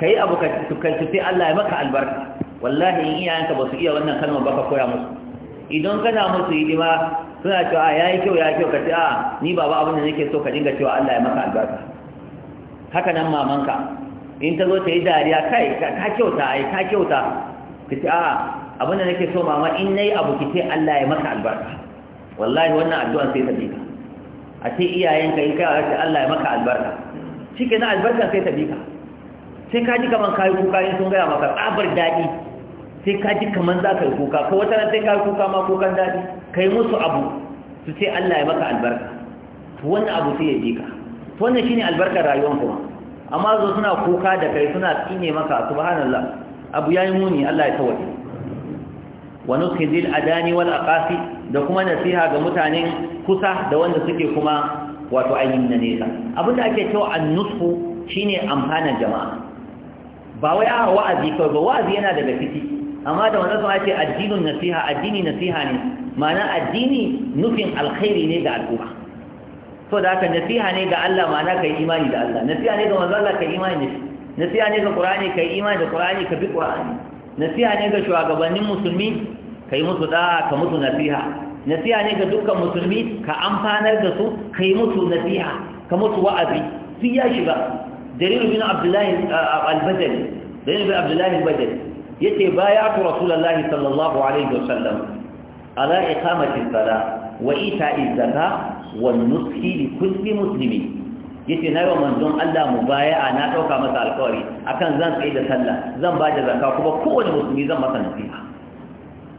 ka yi abu ka tukai Allah ya maka albarka wallahi in iyayenka ba su iya wannan kalmar ba ka koya musu idan ka na musu hidima suna cewa ya yi kyau ya kyau ka ce a ni ba abin da nake so ka dinga cewa Allah ya maka albarka haka nan mamanka in ta zo ta yi dariya kai ka kyauta ai ka kyauta ka ce a abin da nake so mama in nayi abu ki ce Allah ya maka albarka wallahi wannan addu'a sai ta bika a ce iyayenka in kai ce Allah ya maka albarka na albarka sai ta bika sai ka ji kaman kai kuka in sun gaya maka tsabar daɗi sai ka ji kamar za ka yi kuka ko wata ran sai ka yi kuka ma kukan daɗi ka yi musu abu su ce Allah ya maka albarka wannan abu sai ya bi ka to wannan shine albarkar rayuwar kuma amma zo suna kuka da kai suna tsine maka subhanallah abu yayi muni Allah ya tawaye wa nukhizil adani wal aqasi da kuma nasiha ga mutanen kusa da wanda suke kuma wato ainihin na nesa abinda ake cewa annushu shine amfanar jama'a ba wai a wa'azi kawai ba wa'azi yana daga fiti amma da wannan sun ce addinin nasiha addini nasiha ne ma'ana addini nufin alkhairi ne ga al'umma so da haka nasiha ne ga Allah ma'ana kai imani da Allah nasiha ne ga manzo Allah kai imani da shi nasiha ne ga Qur'ani kai imani da Qur'ani ka bi Qur'ani nasiha ne ga shugabannin musulmi kai musu da'a ka musu nasiha nasiha ne ga dukkan musulmi ka amfanar da su kai musu nasiha ka musu wa'azi sai ya shiga dalil bin Abdullah uh, al-Badri dalil bin Abdullah al-Badri yace bayatu rasulullahi sallallahu alaihi wasallam ala iqamati sala wa ita'i zakka wa nushi li kulli muslimin yace na yi wa manzon Allah mu a na ɗauka masa alƙawari akan zan tsaye da sallah zan ba da zakka kuma kowane musulmi zan masa nasiha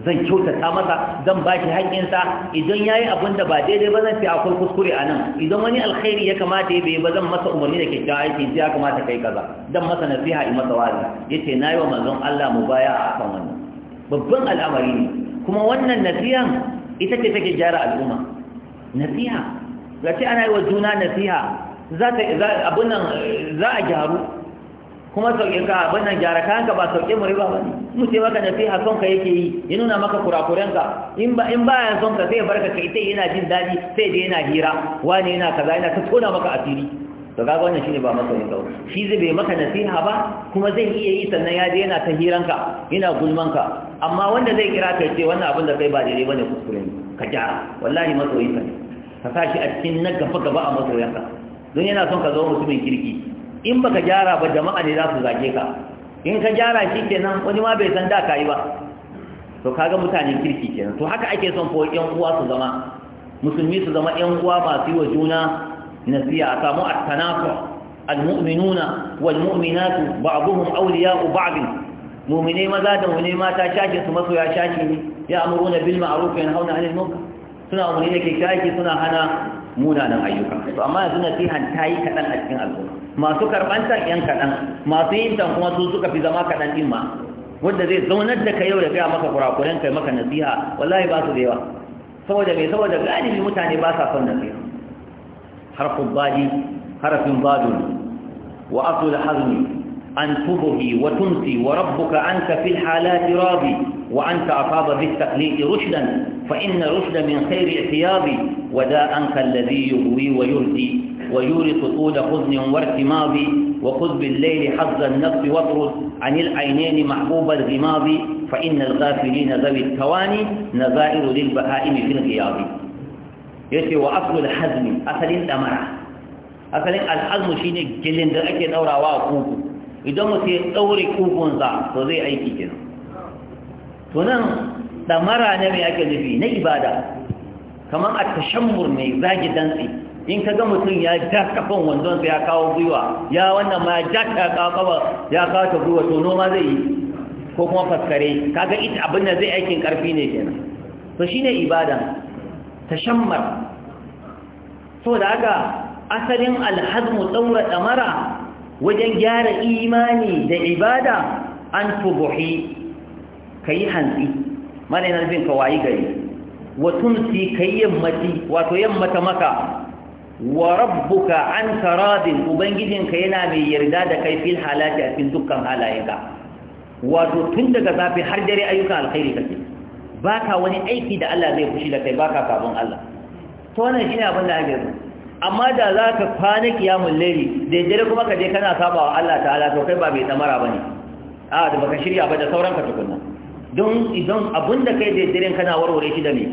zan kyautata masa zan ba shi haƙƙinsa idan ya yi abin da ba daidai ba zan fi akwai kuskure a nan idan wani alkhairi ya kamata ya bai ba zan masa umarni da kyakkyawa aiki sai ya kamata kai kaza dan masa nasiha in masa wazi yace na yi wa manzon Allah mu baya a akan wannan babban al'amari ne kuma wannan nasihan ita ce take gyara al'umma nasiha ga ce ana yi wa juna nasiha za a gyaru kuma sauƙin ka abin nan gyara kayan ka ba sauƙin mu riba bane mu ce maka da sai a son ka yake yi ya nuna maka kurakuren ka in ba in baya son ka sai barka kai sai yana jin daɗi sai dai yana hira wani yana kaza yana ta tona maka asiri to kaga wannan shine ba masa yau shi zai bai maka nasiha ba kuma zai iya yi sannan ya je yana ta hiranka yana ka. amma wanda zai kira ka ce wannan abin da kai ba daidai bane kuskure ne ka gyara wallahi masoyinka ne ka sa shi a cikin na gaba gaba a ka. don yana son ka zama mutumin kirki in baka gyara ba jama'a ne za su zage ka in ka gyara shi kenan wani ma bai san da ka yi ba to kaga mutanen kirki kenan to haka ake son ko yan uwa su zama musulmi su zama yan uwa masu yi wa juna nasiya a samu at-tanafu al-mu'minuna wal mu'minatu ba'dhum awliya'u ba'd mu'mini maza da mu'mine mata shaki su ya shaki ne ya amuruna bil ma'ruf wa yanhauna 'anil munkar suna umarni da ke shaki suna hana munanan ayyuka to amma yanzu nasihan tayi kadan a cikin al'umma masu karɓantar yan kaɗan masu yin tan kuma su suka fi zama kaɗan ɗin ma wanda zai zaunar da ka yau da gaya maka kurakuren kai maka nasiha wallahi ba su da yawa saboda mai saboda galibi mutane ba sa son nasiha harfin badi harafin badu wa da hazmi أن تبهي وتنسي وربك عنك في الحالات راضي وأنت أصاب بالتقليد رشدا فإن الرشد من خير اعتياض ودا أنك الذي يغوي ويهدي ويورث طول حزن وارتماض وخذ بالليل حظ النفس واطرد عن العينين محبوب الغماض فإن الغافلين ذوي التواني نظائر للبهائم في الغياض يسي وأصل الحزم أصل الأمرة أصل الحزم شيني جلندر أكيد أورا وأقوكم idan mutum ya ɗaure kugunsa to zai aiki kenan to nan ɗamara ne mai ake nufi na ibada kamar a tashammur mai zagi dantse in ka ga mutum ya ja kafan wandonsa ya kawo gwiwa ya wannan ma ja kawo ya kawo ta gwiwa to noma zai yi ko kuma faskare kaga ita abin da zai aikin karfi ne kenan to shine ibada tashammar to da haka asalin alhazmu ɗaura ɗamara wajen gyara imani da ibada an tubuhi kayi hantsi mana yana nufin ka gari wa tumsi yi yammaci wato yammata maka wa rabbuka an karadin ubangijinka yana mai yarda da kai fil halati a fin dukkan halayenka wato tun daga zafi har dare ayyukan alkhairi kake baka wani aiki da Allah zai fushi da kai baka sabon Allah to wannan shine abin da ake so amma da za ka ya mun laili da dare kuma ka je kana saba wa Allah ta'ala to kai ba mai tsamara ba ne a da baka shirya ba da sauran ka tukunna don idan abin da kai da dare kana warware shi da me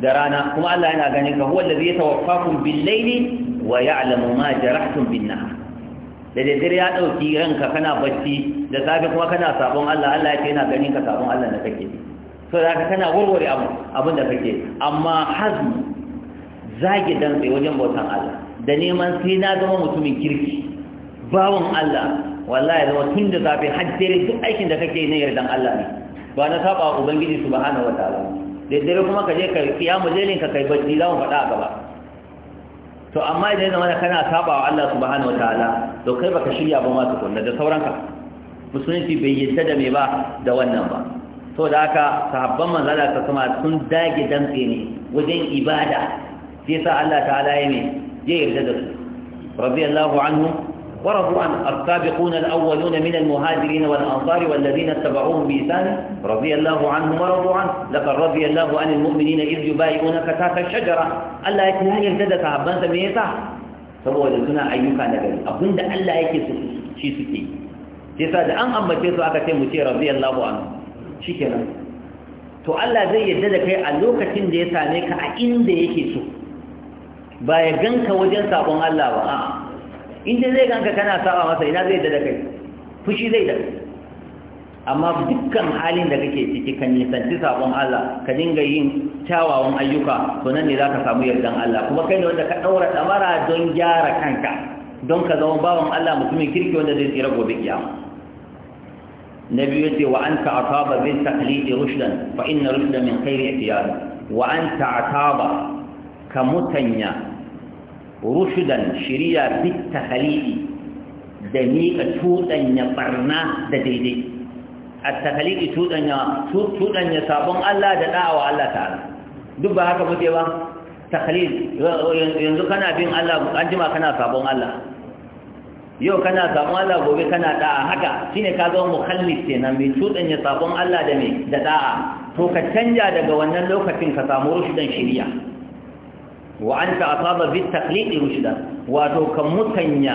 da rana kuma Allah yana ganin ka huwa allazi yatawaffakum bil laili wa ya'lamu ma jarahtum bin nahar da dare ya dauki ranka kana bacci da safe kuma kana sabon Allah Allah yake yana ganin ka sabon Allah da kake so da kana warware abu abin da kake amma hazmi zage dantse wajen bautan Allah da neman sai na zama mutumin kirki bawon Allah wallahi zama tun da zafi hajjere duk aikin da kake na yardan Allah ne ba na saba wa ubangiji subhanahu wataala da dare kuma ka je ka kiyamu zailin ka kai bacci za mu faɗa a gaba to amma idan zama kana saba wa Allah su subhanahu wataala to kai baka shirya ba ma tukunna da sauranka musulunci bai yadda da me ba da wannan ba to da haka sahabban manzala ta kuma sun dage dantse ne wajen ibada shi yasa Allah ta'ala ya ne ya yarda da su radiyallahu anhu wa radu an as-sabiquna al-awwaluna min al-muhajirin wal ansari wal ladina tabauhum bi ihsan radiyallahu anhum wa radu an laqad radiyallahu anil mu'minina idh yubayi'unaka tahta ash-shajara Allah ya yarda da sahabbansa me yasa saboda suna ayyuka na gari abinda Allah yake so shi suke sai sa da an ambace su aka ce mu ce radiyallahu anhu shikenan to Allah zai yarda da kai a lokacin da ya same ka a inda yake so ba ya ganka wajen sabon Allah ba a inda zai ganka kana saba masa ina zai da kai fushi zai da amma dukkan halin da kake ciki kan nisanci sabon Allah ka dinga yin kyawawan ayyuka to nan ne za ka samu yardan Allah kuma kai ne wanda ka ɗaura damara don gyara kanka don ka zama bawan Allah mutumin kirki wanda zai tsira gobe kiyama nabi ce, wa anta ataba min taqlid rushdan fa inna rushda min khairi ihtiyar wa anta ataba ka mutanya rushudan shiriya bit tahalili da miƙa tuɗanya barna da daidai a tahalili tuɗanya sabon Allah da ɗa'awa Allah ta'ala duk ba haka muke ba yanzu kana bin Allah an jima kana sabon Allah yau kana sabon Allah gobe kana ɗa'a? haka shine ka zama mukhallif kenan mai tuɗanya sabon Allah da me da ɗa'a, to ka canja daga wannan lokacin ka samu rushdan shari'a wa anta asaba bit taqlidi rushda wato kan mutanya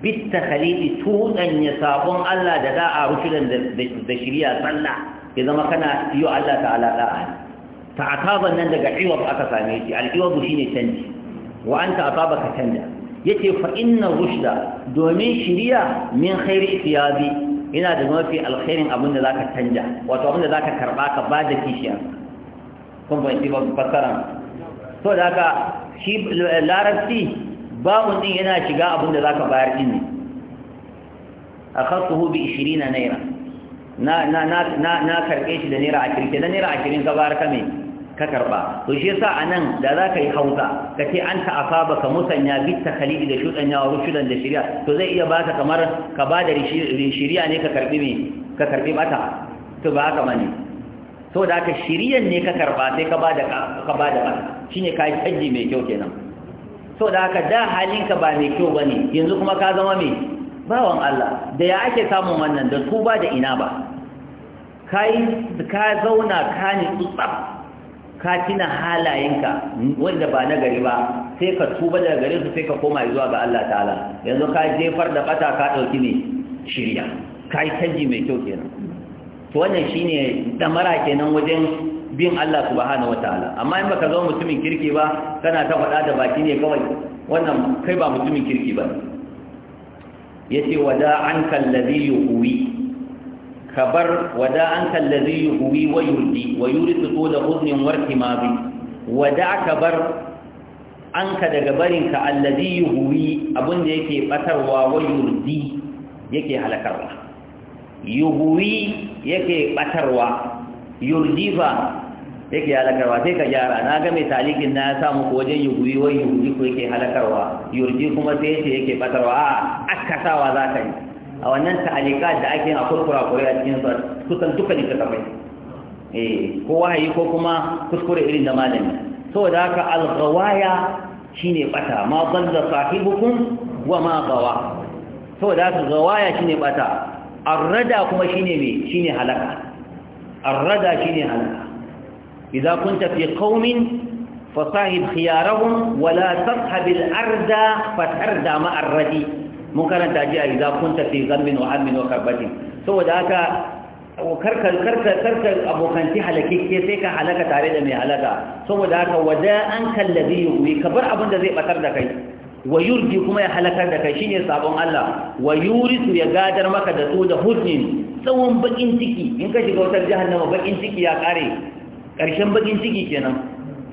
bit taqlidi tudanya sabon Allah da da'a rushdan da shiriya sallah ya zama kana yi Allah ta'ala da'a ta ataban nan daga iwab aka same shi al-iwab shine canji wa anta asaba ka canja yace fa inna rushda domin shiriya min khairi thiyabi ina da mafi alkhairin abin da zaka canja wato abin da zaka karba ka ba da kishiya kun ba ba fassara so da haka shi larabci babun din yana shiga abin da za ka bayar din ne a khasuhu bi 20 naira na na na na na karbe shi da naira 20 da naira 20 ka bayar ka me ka karba to shi yasa anan da za ka yi hausa ka ce an ba ka musanya bitta, takalidi da shudanya wa rushudan da shari'a to zai iya baka kamar ka ba da shari'a ne ka karbi me ka karbi bata to ba haka mani. da haka shiriyan ne ka karba sai ka bada ka bada ba shine kai haji mai kyau kenan da haka da halinka ba mai kyau bane yanzu kuma ka zama mai bawan Allah da ya ake samun wannan da tuba da ina ba kai ka zauna ka ni tsutsaf ka tina halayenka mm, wanda ba na gari ba sai ka tuba daga gare su sai ka koma zuwa ga Allah ta'ala yanzu ka jefar da bata ka dauki ne shirya kai canji mai kyau kenan to wannan shine damara kenan wajen bin Allah subhanahu wataala amma in baka zama mutumin kirki ba kana ta faɗa da baki ne kawai wannan kai ba mutumin kirki ba Ya ce wada anka alladhi yuwi kabar wada anka alladhi yuwi wa yurdi wa yuridu tula huznin wartimabi wada kabar anka daga barinka alladhi yuwi abun da yake batarwa wa yurdi yake halakarwa yuhuwi yake batarwa yurjifa yake halakarwa sai ka gyara na ga mai talikin na ya sa muku wajen yuhuwi wai yuhuwi ko yake halakarwa yurji kuma sai yace yake batarwa a akasawa za ka yi a wannan ta'alika da ake a kurkura kure a cikin su kusan duka ne ta kafai eh ko wahayi ko kuma kuskure irin da malami saboda haka al-ghawaya shine bata ma dalla sahibukum wa ma gawa saboda haka ghawaya shine bata arrada kuma shine me shine halaka arrada shine halaka idza kunta fi qaumin fasahib khiyarahum wa la tashab al-arda fatarda ma arradi mun karanta ji idza kunta fi ghammin wa hammin wa karbatin saboda haka karkar karkar karkar abokanci halakikke sai ka halaka tare da mai halaka saboda haka wada an kallabi yuwi kabar abin da zai batar da kai wa yurji kuma ya halakar da kai shine sabon Allah wa yurisu ya gadar maka da su da hudnin tsawon bakin ciki in ka shiga wutar jahannama bakin ciki ya kare karshen bakin ciki kenan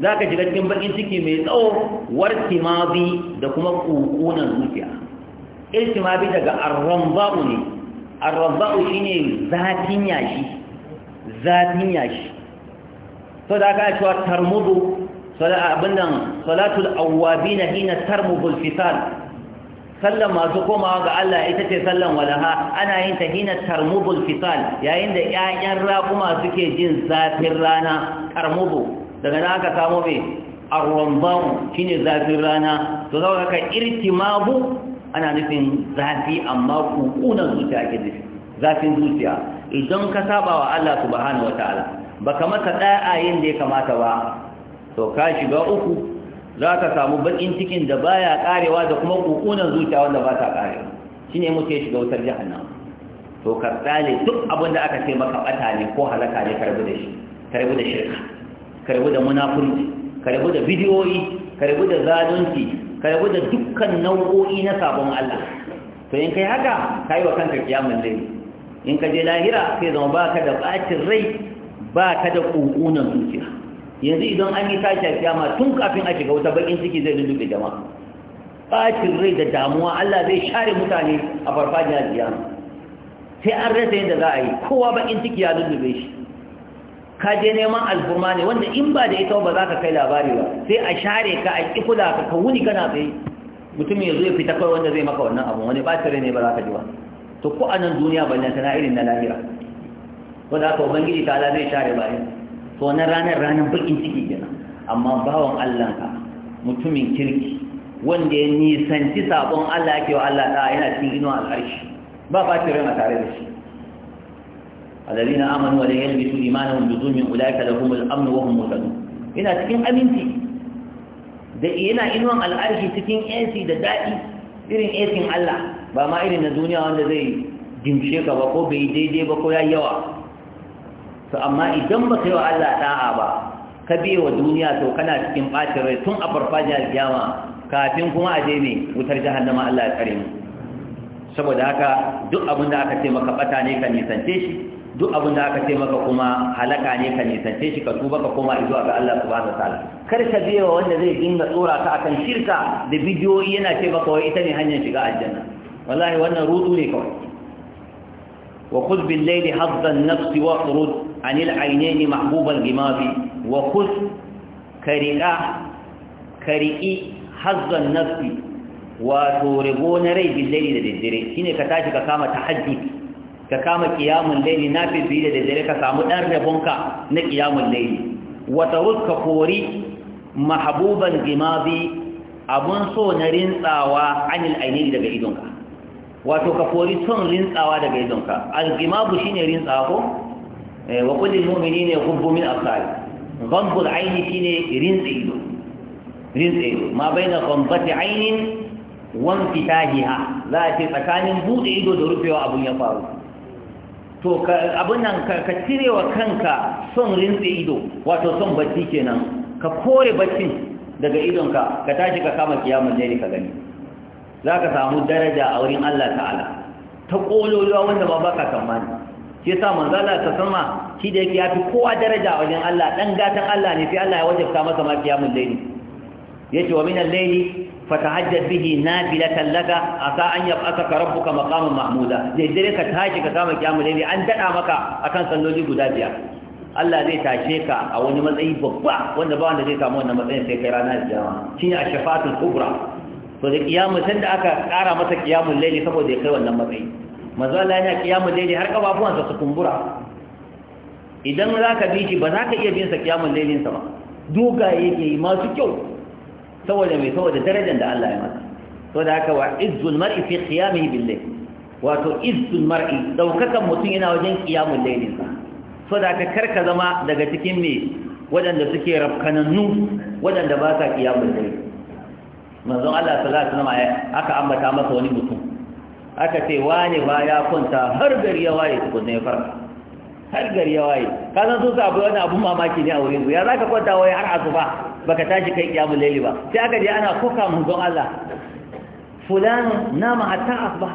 zaka shiga cikin bakin ciki mai tsawo wartimabi da kuma kukunan zuciya irtimabi daga arramba'u ne arramba'u shine zatin yashi zatin yashi to da ka cewa tarmudu abinnan salatul awwabi na hina tarmu bulfisan sallan masu komawa ga Allah ita ce sallan walaha ana yin ta hina tarmubul fital yayin da ƴaƴan raƙuma suke jin zafin rana karmubu daga na aka samo me arrambam shine zafin rana to zaka ka irtimabu ana nufin zafi amma kukunan zuciya ake nufi zafin zuciya idan ka saba wa Allah subhanahu wataala baka masa da'a yin da ya kamata ba to ka shiga uku za ka samu bakin cikin da baya karewa da kuma kukunan zuciya wanda ba ta karewa shine muke shiga wutar jahannama to ka tsale duk abin da aka ce maka bata ne ko halaka ne karbu da shi karbu da shirka karbu da munafurci karbu da bidiyoyi karbu da zalunci karbu da dukkan nau'o'i na sabon Allah to in kai haka kai wa kanka kiyamun dai in ka je lahira sai zama baka da bacin rai baka da kukunan zuciya yanzu idan an yi tashi a kiyama tun kafin a shiga wuta bakin ciki zai lullube jama'a bacin rai da damuwa Allah zai share mutane a farfajiyar jiya. sai an rasa yadda za a yi kowa bakin ciki ya lullube shi ka je neman alfurma ne wanda in ba da ita ba za ka kai labari ba sai a share ka a ƙi kula ka ka wuni kana tsaye mutumin ya zo ya fita kawai wanda zai maka wannan abu wani bacin rai ne ba za ka ji ba to ko a nan duniya ne tana irin na lahira wanda aka ubangiji ta ala zai share bayan to wannan ranar ranar bakin ciki kenan amma bawan Allah ka mutumin kirki wanda ya nisanci sabon Allah ke wa Allah da yana cikin inuwa al'arshi ba ba tare ma tare da shi alladhina amanu wa yin yalbisu imanin bi dhulmin ulaika da al-amn wa hum muhtadun yana cikin aminci da yana inuwan al'arshi cikin yanci da daɗi irin yancin Allah ba ma irin na duniya wanda zai jimshe ka ba ko bai daidai ba ko ya yawa to amma idan ba yi wa Allah da'a ba ka biye wa duniya to kana cikin ɓacin rai tun a farfajiyar kiyama kafin kuma a je ne wutar jahannama Allah ya tsare mu saboda haka duk abin da aka ce maka bata ne ka nisance shi duk abin da aka ce maka kuma halaka ne ka nisance shi ka tuba ka koma zuwa ga Allah subhanahu wataala kar ka biya wanda zai dinga tsora ka akan shirka da bidiyoyi yana ce maka wai ita ne hanyar shiga aljanna wallahi wannan rudu ne kawai wa khudh bil layli hadda an anil ainihi mahbuban limafi wa kus karika kariki hazzan nafsi wato rigo rai billali da daddare shine ka tashi ka kama tahajjud ka kama qiyamul layli nafi da daddare ka samu dan rabonka na qiyamul layli wa tarukka kori mahbuban Gimafi, abun so na rintsawa anil ainihi daga idonka wato ka kori son rintsawa daga idonka al-gimabu shine rintsawa ko Eh, wa kullin mu'minina ne min absari ghamdu al aini shine rinzi ido rinzi ido ma baina ghamdati aynin wa intihaha za a ce tsakanin bude ido da rufewa abun ya faru to abun nan ka cire kanka son rintse ido wato son bacci kenan ka kore baccin daga idonka ka tashi ka kama kiyamun dare ka gani za ka samu daraja a wurin Allah ta'ala ta kololuwa wanda ba baka tsammani shi yasa manzo Allah ta sama shi da yake yafi kowa daraja a wajen Allah dan gatan Allah ne sai Allah ya wajabta masa ma qiyamul layli yace wa min al-layli fatahajjad bihi nafilatan laka asa an yab'athaka rabbuka maqaman mahmuda da dare ka tashi ka kama qiyamul layli an dada maka akan salloli guda biyar Allah zai tashe ka a wani matsayi babba wanda ba wanda zai samu wannan matsayin sai kai ranar kiyama shine ash kubra to da sanda da aka kara masa kiyamul layli saboda ya kai wannan matsayi manzo Allah yana kiyamu daidai har kafafuwansa su kumbura idan za ka bi shi ba za ka iya bin sa kiyamun sa ba duga yake yi masu kyau saboda mai saboda darajar da Allah ya masa to da haka wa izzul mar'i fi qiyamihi bil layl wato izzul mar'i daukakan mutum yana wajen qiyamul sa so da haka karka zama daga cikin me wadanda suke rafkanannu wadanda ba sa qiyamul layl manzon Allah sallallahu alaihi wasallam aka ambata masa wani mutum aka ce wane ba ya kunta har gari ya waye tukunna ya farka har gari ya waye ka san sun sabu wani abun mamaki ne a wurin su ya za ka kwanta waye har asuba baka tashi kai kiyamu laili ba sai aka je ana koka mun don Allah fulan nama hatta asba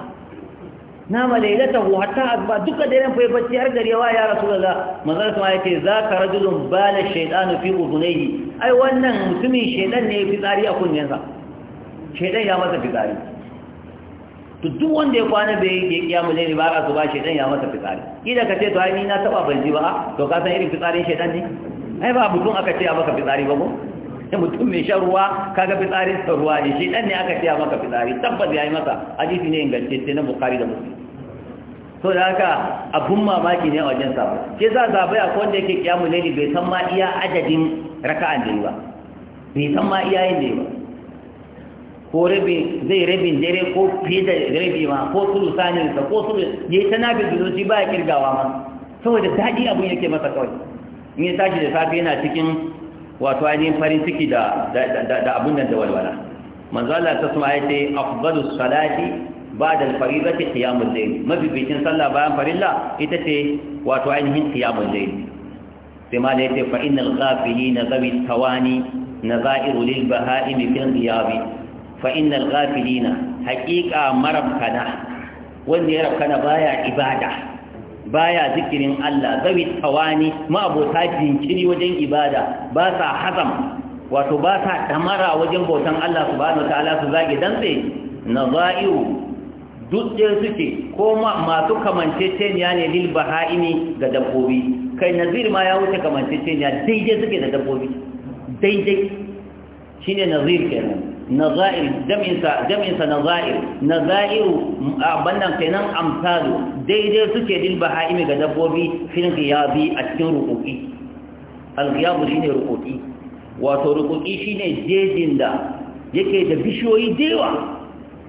nama hu hatta asba duka ran fa bacci har gari ya waye ya rasulullah manzon sa yake zaka rajulun bala shaytanu fi udunayhi ai wannan mutumin shaytan ne fi tsari a kunyansa shaytan ya masa fitsari to duk wanda ya kwana bai yi ya kiyamu ne ba ka ba shedan ya masa fitsari kila ka ce to ai ni na taba ban ji ba to ka san irin fitsarin shedan ne ai ba mutum aka ce ya maka fitsari ba ko mutum mai shan ruwa kaga fitsarin sa ruwa ne shedan ne aka ce ya maka fitsari tabbas ya yi masa hadisi ne ce na bukhari da muslim To da haka abun mamaki ne a wajen sa ke za a baya ko wanda yake kiyamu ne bai san ma iya adadin raka'an da yi ba bai san ma iya yin da yi ba ko rabi zai rabin dare ko fiye da rabi ma ko sulu saninsa ko sulu ya yi ta nafi zunuci ba ya kirgawa ma saboda daɗi abin yake masa kawai in ya tashi da safe yana cikin wato ainihin farin ciki da abin nan da walwala manzo Allah ta suma ya ce afdalu salati ba'da al-fariidati qiyamul layl bikin sallah bayan farilla ita ce wato ainihin qiyamul layl sai ma da yace fa innal ghafilina zawi tawani nazairu lil bahaimi fil ghiyabi Fa'inal innal haƙiƙa haqiqa marabkana wanda ya rabkana baya ibada baya zikirin Allah zawi tsawani ma jinkiri wajen ibada ba sa hazam wato ba sa damara wajen bautan Allah su subhanahu wataala su zage dantse nazairu duk ɗaya suke ko masu kamanceceniya ne lil baha'imi ga dabbobi kai nazir ma ya wuce kamanceceniya daidai suke da dabbobi daidai shi ne nazir kenan nazair jami'insa jami'insa nazair nazairu abannan kenan amsalu daidai suke dil bahaimi ga dabbobi fil ghiyabi a cikin rukuki al ghiyabu shine rukuki wato rukuki shine jejin da yake da bishiyoyi dewa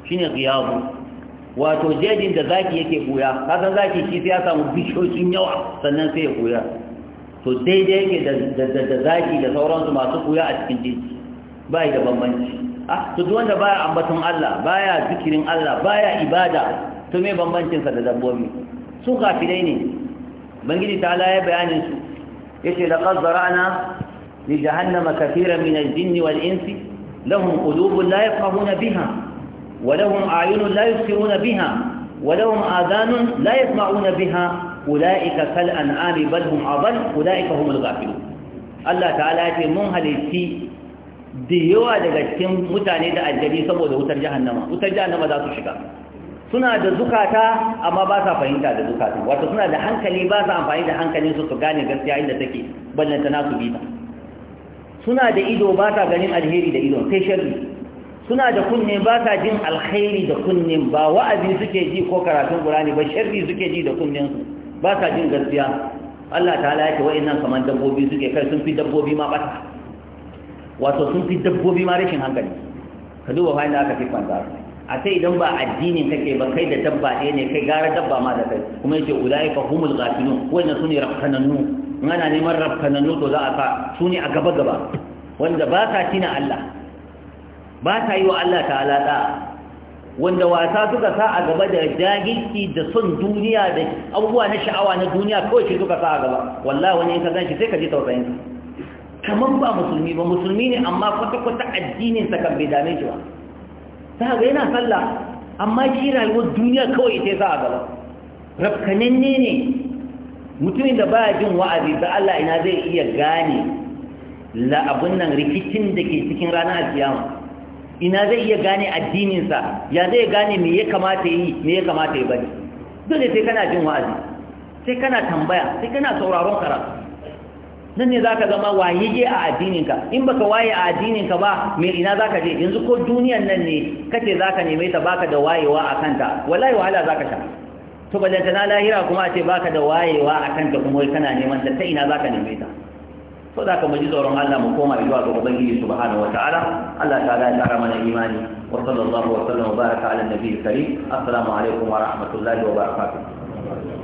shine ghiyabu wato jejin da zaki yake buya kasan zaki shi sai ya samu bishoshin yawa sannan sai ya buya to daidai yake da zaki da sauransu masu buya a cikin jeji ba yi da bambanci ah to duk wanda baya ambaton Allah baya zikirin Allah baya ibada to me bambancin sa da dabbobi su kafirai ne bangiji ta Allah ya bayani su yace laqad zara'na li jahannama katiran min al-jinni wal-insi lahum qulubun la yafqahuna biha ولهم أعين لا يبصرون بها ولهم آذان لا يسمعون بها أولئك كالأنعام بل هم أضل أولئك هم الغافلون الله تعالى يقول من mun في da yawa daga cikin mutane da aljani saboda wutar jahannama wutar jahannama za su shiga suna da zukata amma ba sa fahimta da zukata wato suna da hankali ba sa amfani da hankalin su su gane gaskiya inda take ballanta na su bita suna da ido ba sa ganin alheri da idon sai sharri suna da kunne ba sa jin alheri da kunne ba wa'azi suke ji ko karatun qur'ani ba sharri suke ji da kunnen su ba sa jin gaskiya Allah ta'ala ya wa'annan kamar dabbobi suke kai sun fi dabbobi ma bata wato sun fi dabbobi ma rashin hankali ka duba bayan da aka fi kwanta a sai idan ba addinin kake ba kai da dabba ɗaya ne kai gara dabba ma da kai kuma yake ulai fa humul ghafilun wannan sune rafkanannu in ana neman rafkanannu to za a sa su ne a gaba gaba wanda ba sa tina Allah ba sa yi wa Allah ta'ala da wanda wasa suka sa a gaba da jahilci da son duniya da abubuwa na sha'awa na duniya kawai shi suka sa a gaba wallahi wani in ka ganshi sai ka ji tausayin kamar ba musulmi ba musulmi ne amma kwata-kwata addinin sa kan bai shi ba za ga yana sallah amma shi rayuwar duniya kawai ita za a gaba rafkananne ne mutumin da baya jin wa'azi da Allah ina zai iya gane la abun nan rikicin da ke cikin ranar alkiyama ina zai iya gane addininsa ya zai gane me ya kamata yi me ya kamata yi bane dole sai kana jin wa'azi sai kana tambaya sai kana sauraron karatu nan ne za ka zama wayeye a addininka in baka waye a addininka ba mai ina za ka je yanzu ko duniyan nan ne kake za ka neme ta baka da wayewa a kanta wallahi wahala za ka sha to ballanta na lahira kuma a ce baka da wayewa a kanta kuma kana neman ta ta ina za ka neme ta ko za ka maji tsoron Allah mu koma zuwa ga Ubangiji subhanahu wataala Allah ta ya tsara mana imani wa sallallahu wa sallam wa baraka ala nabiyil karim assalamu alaikum wa rahmatullahi wa barakatuh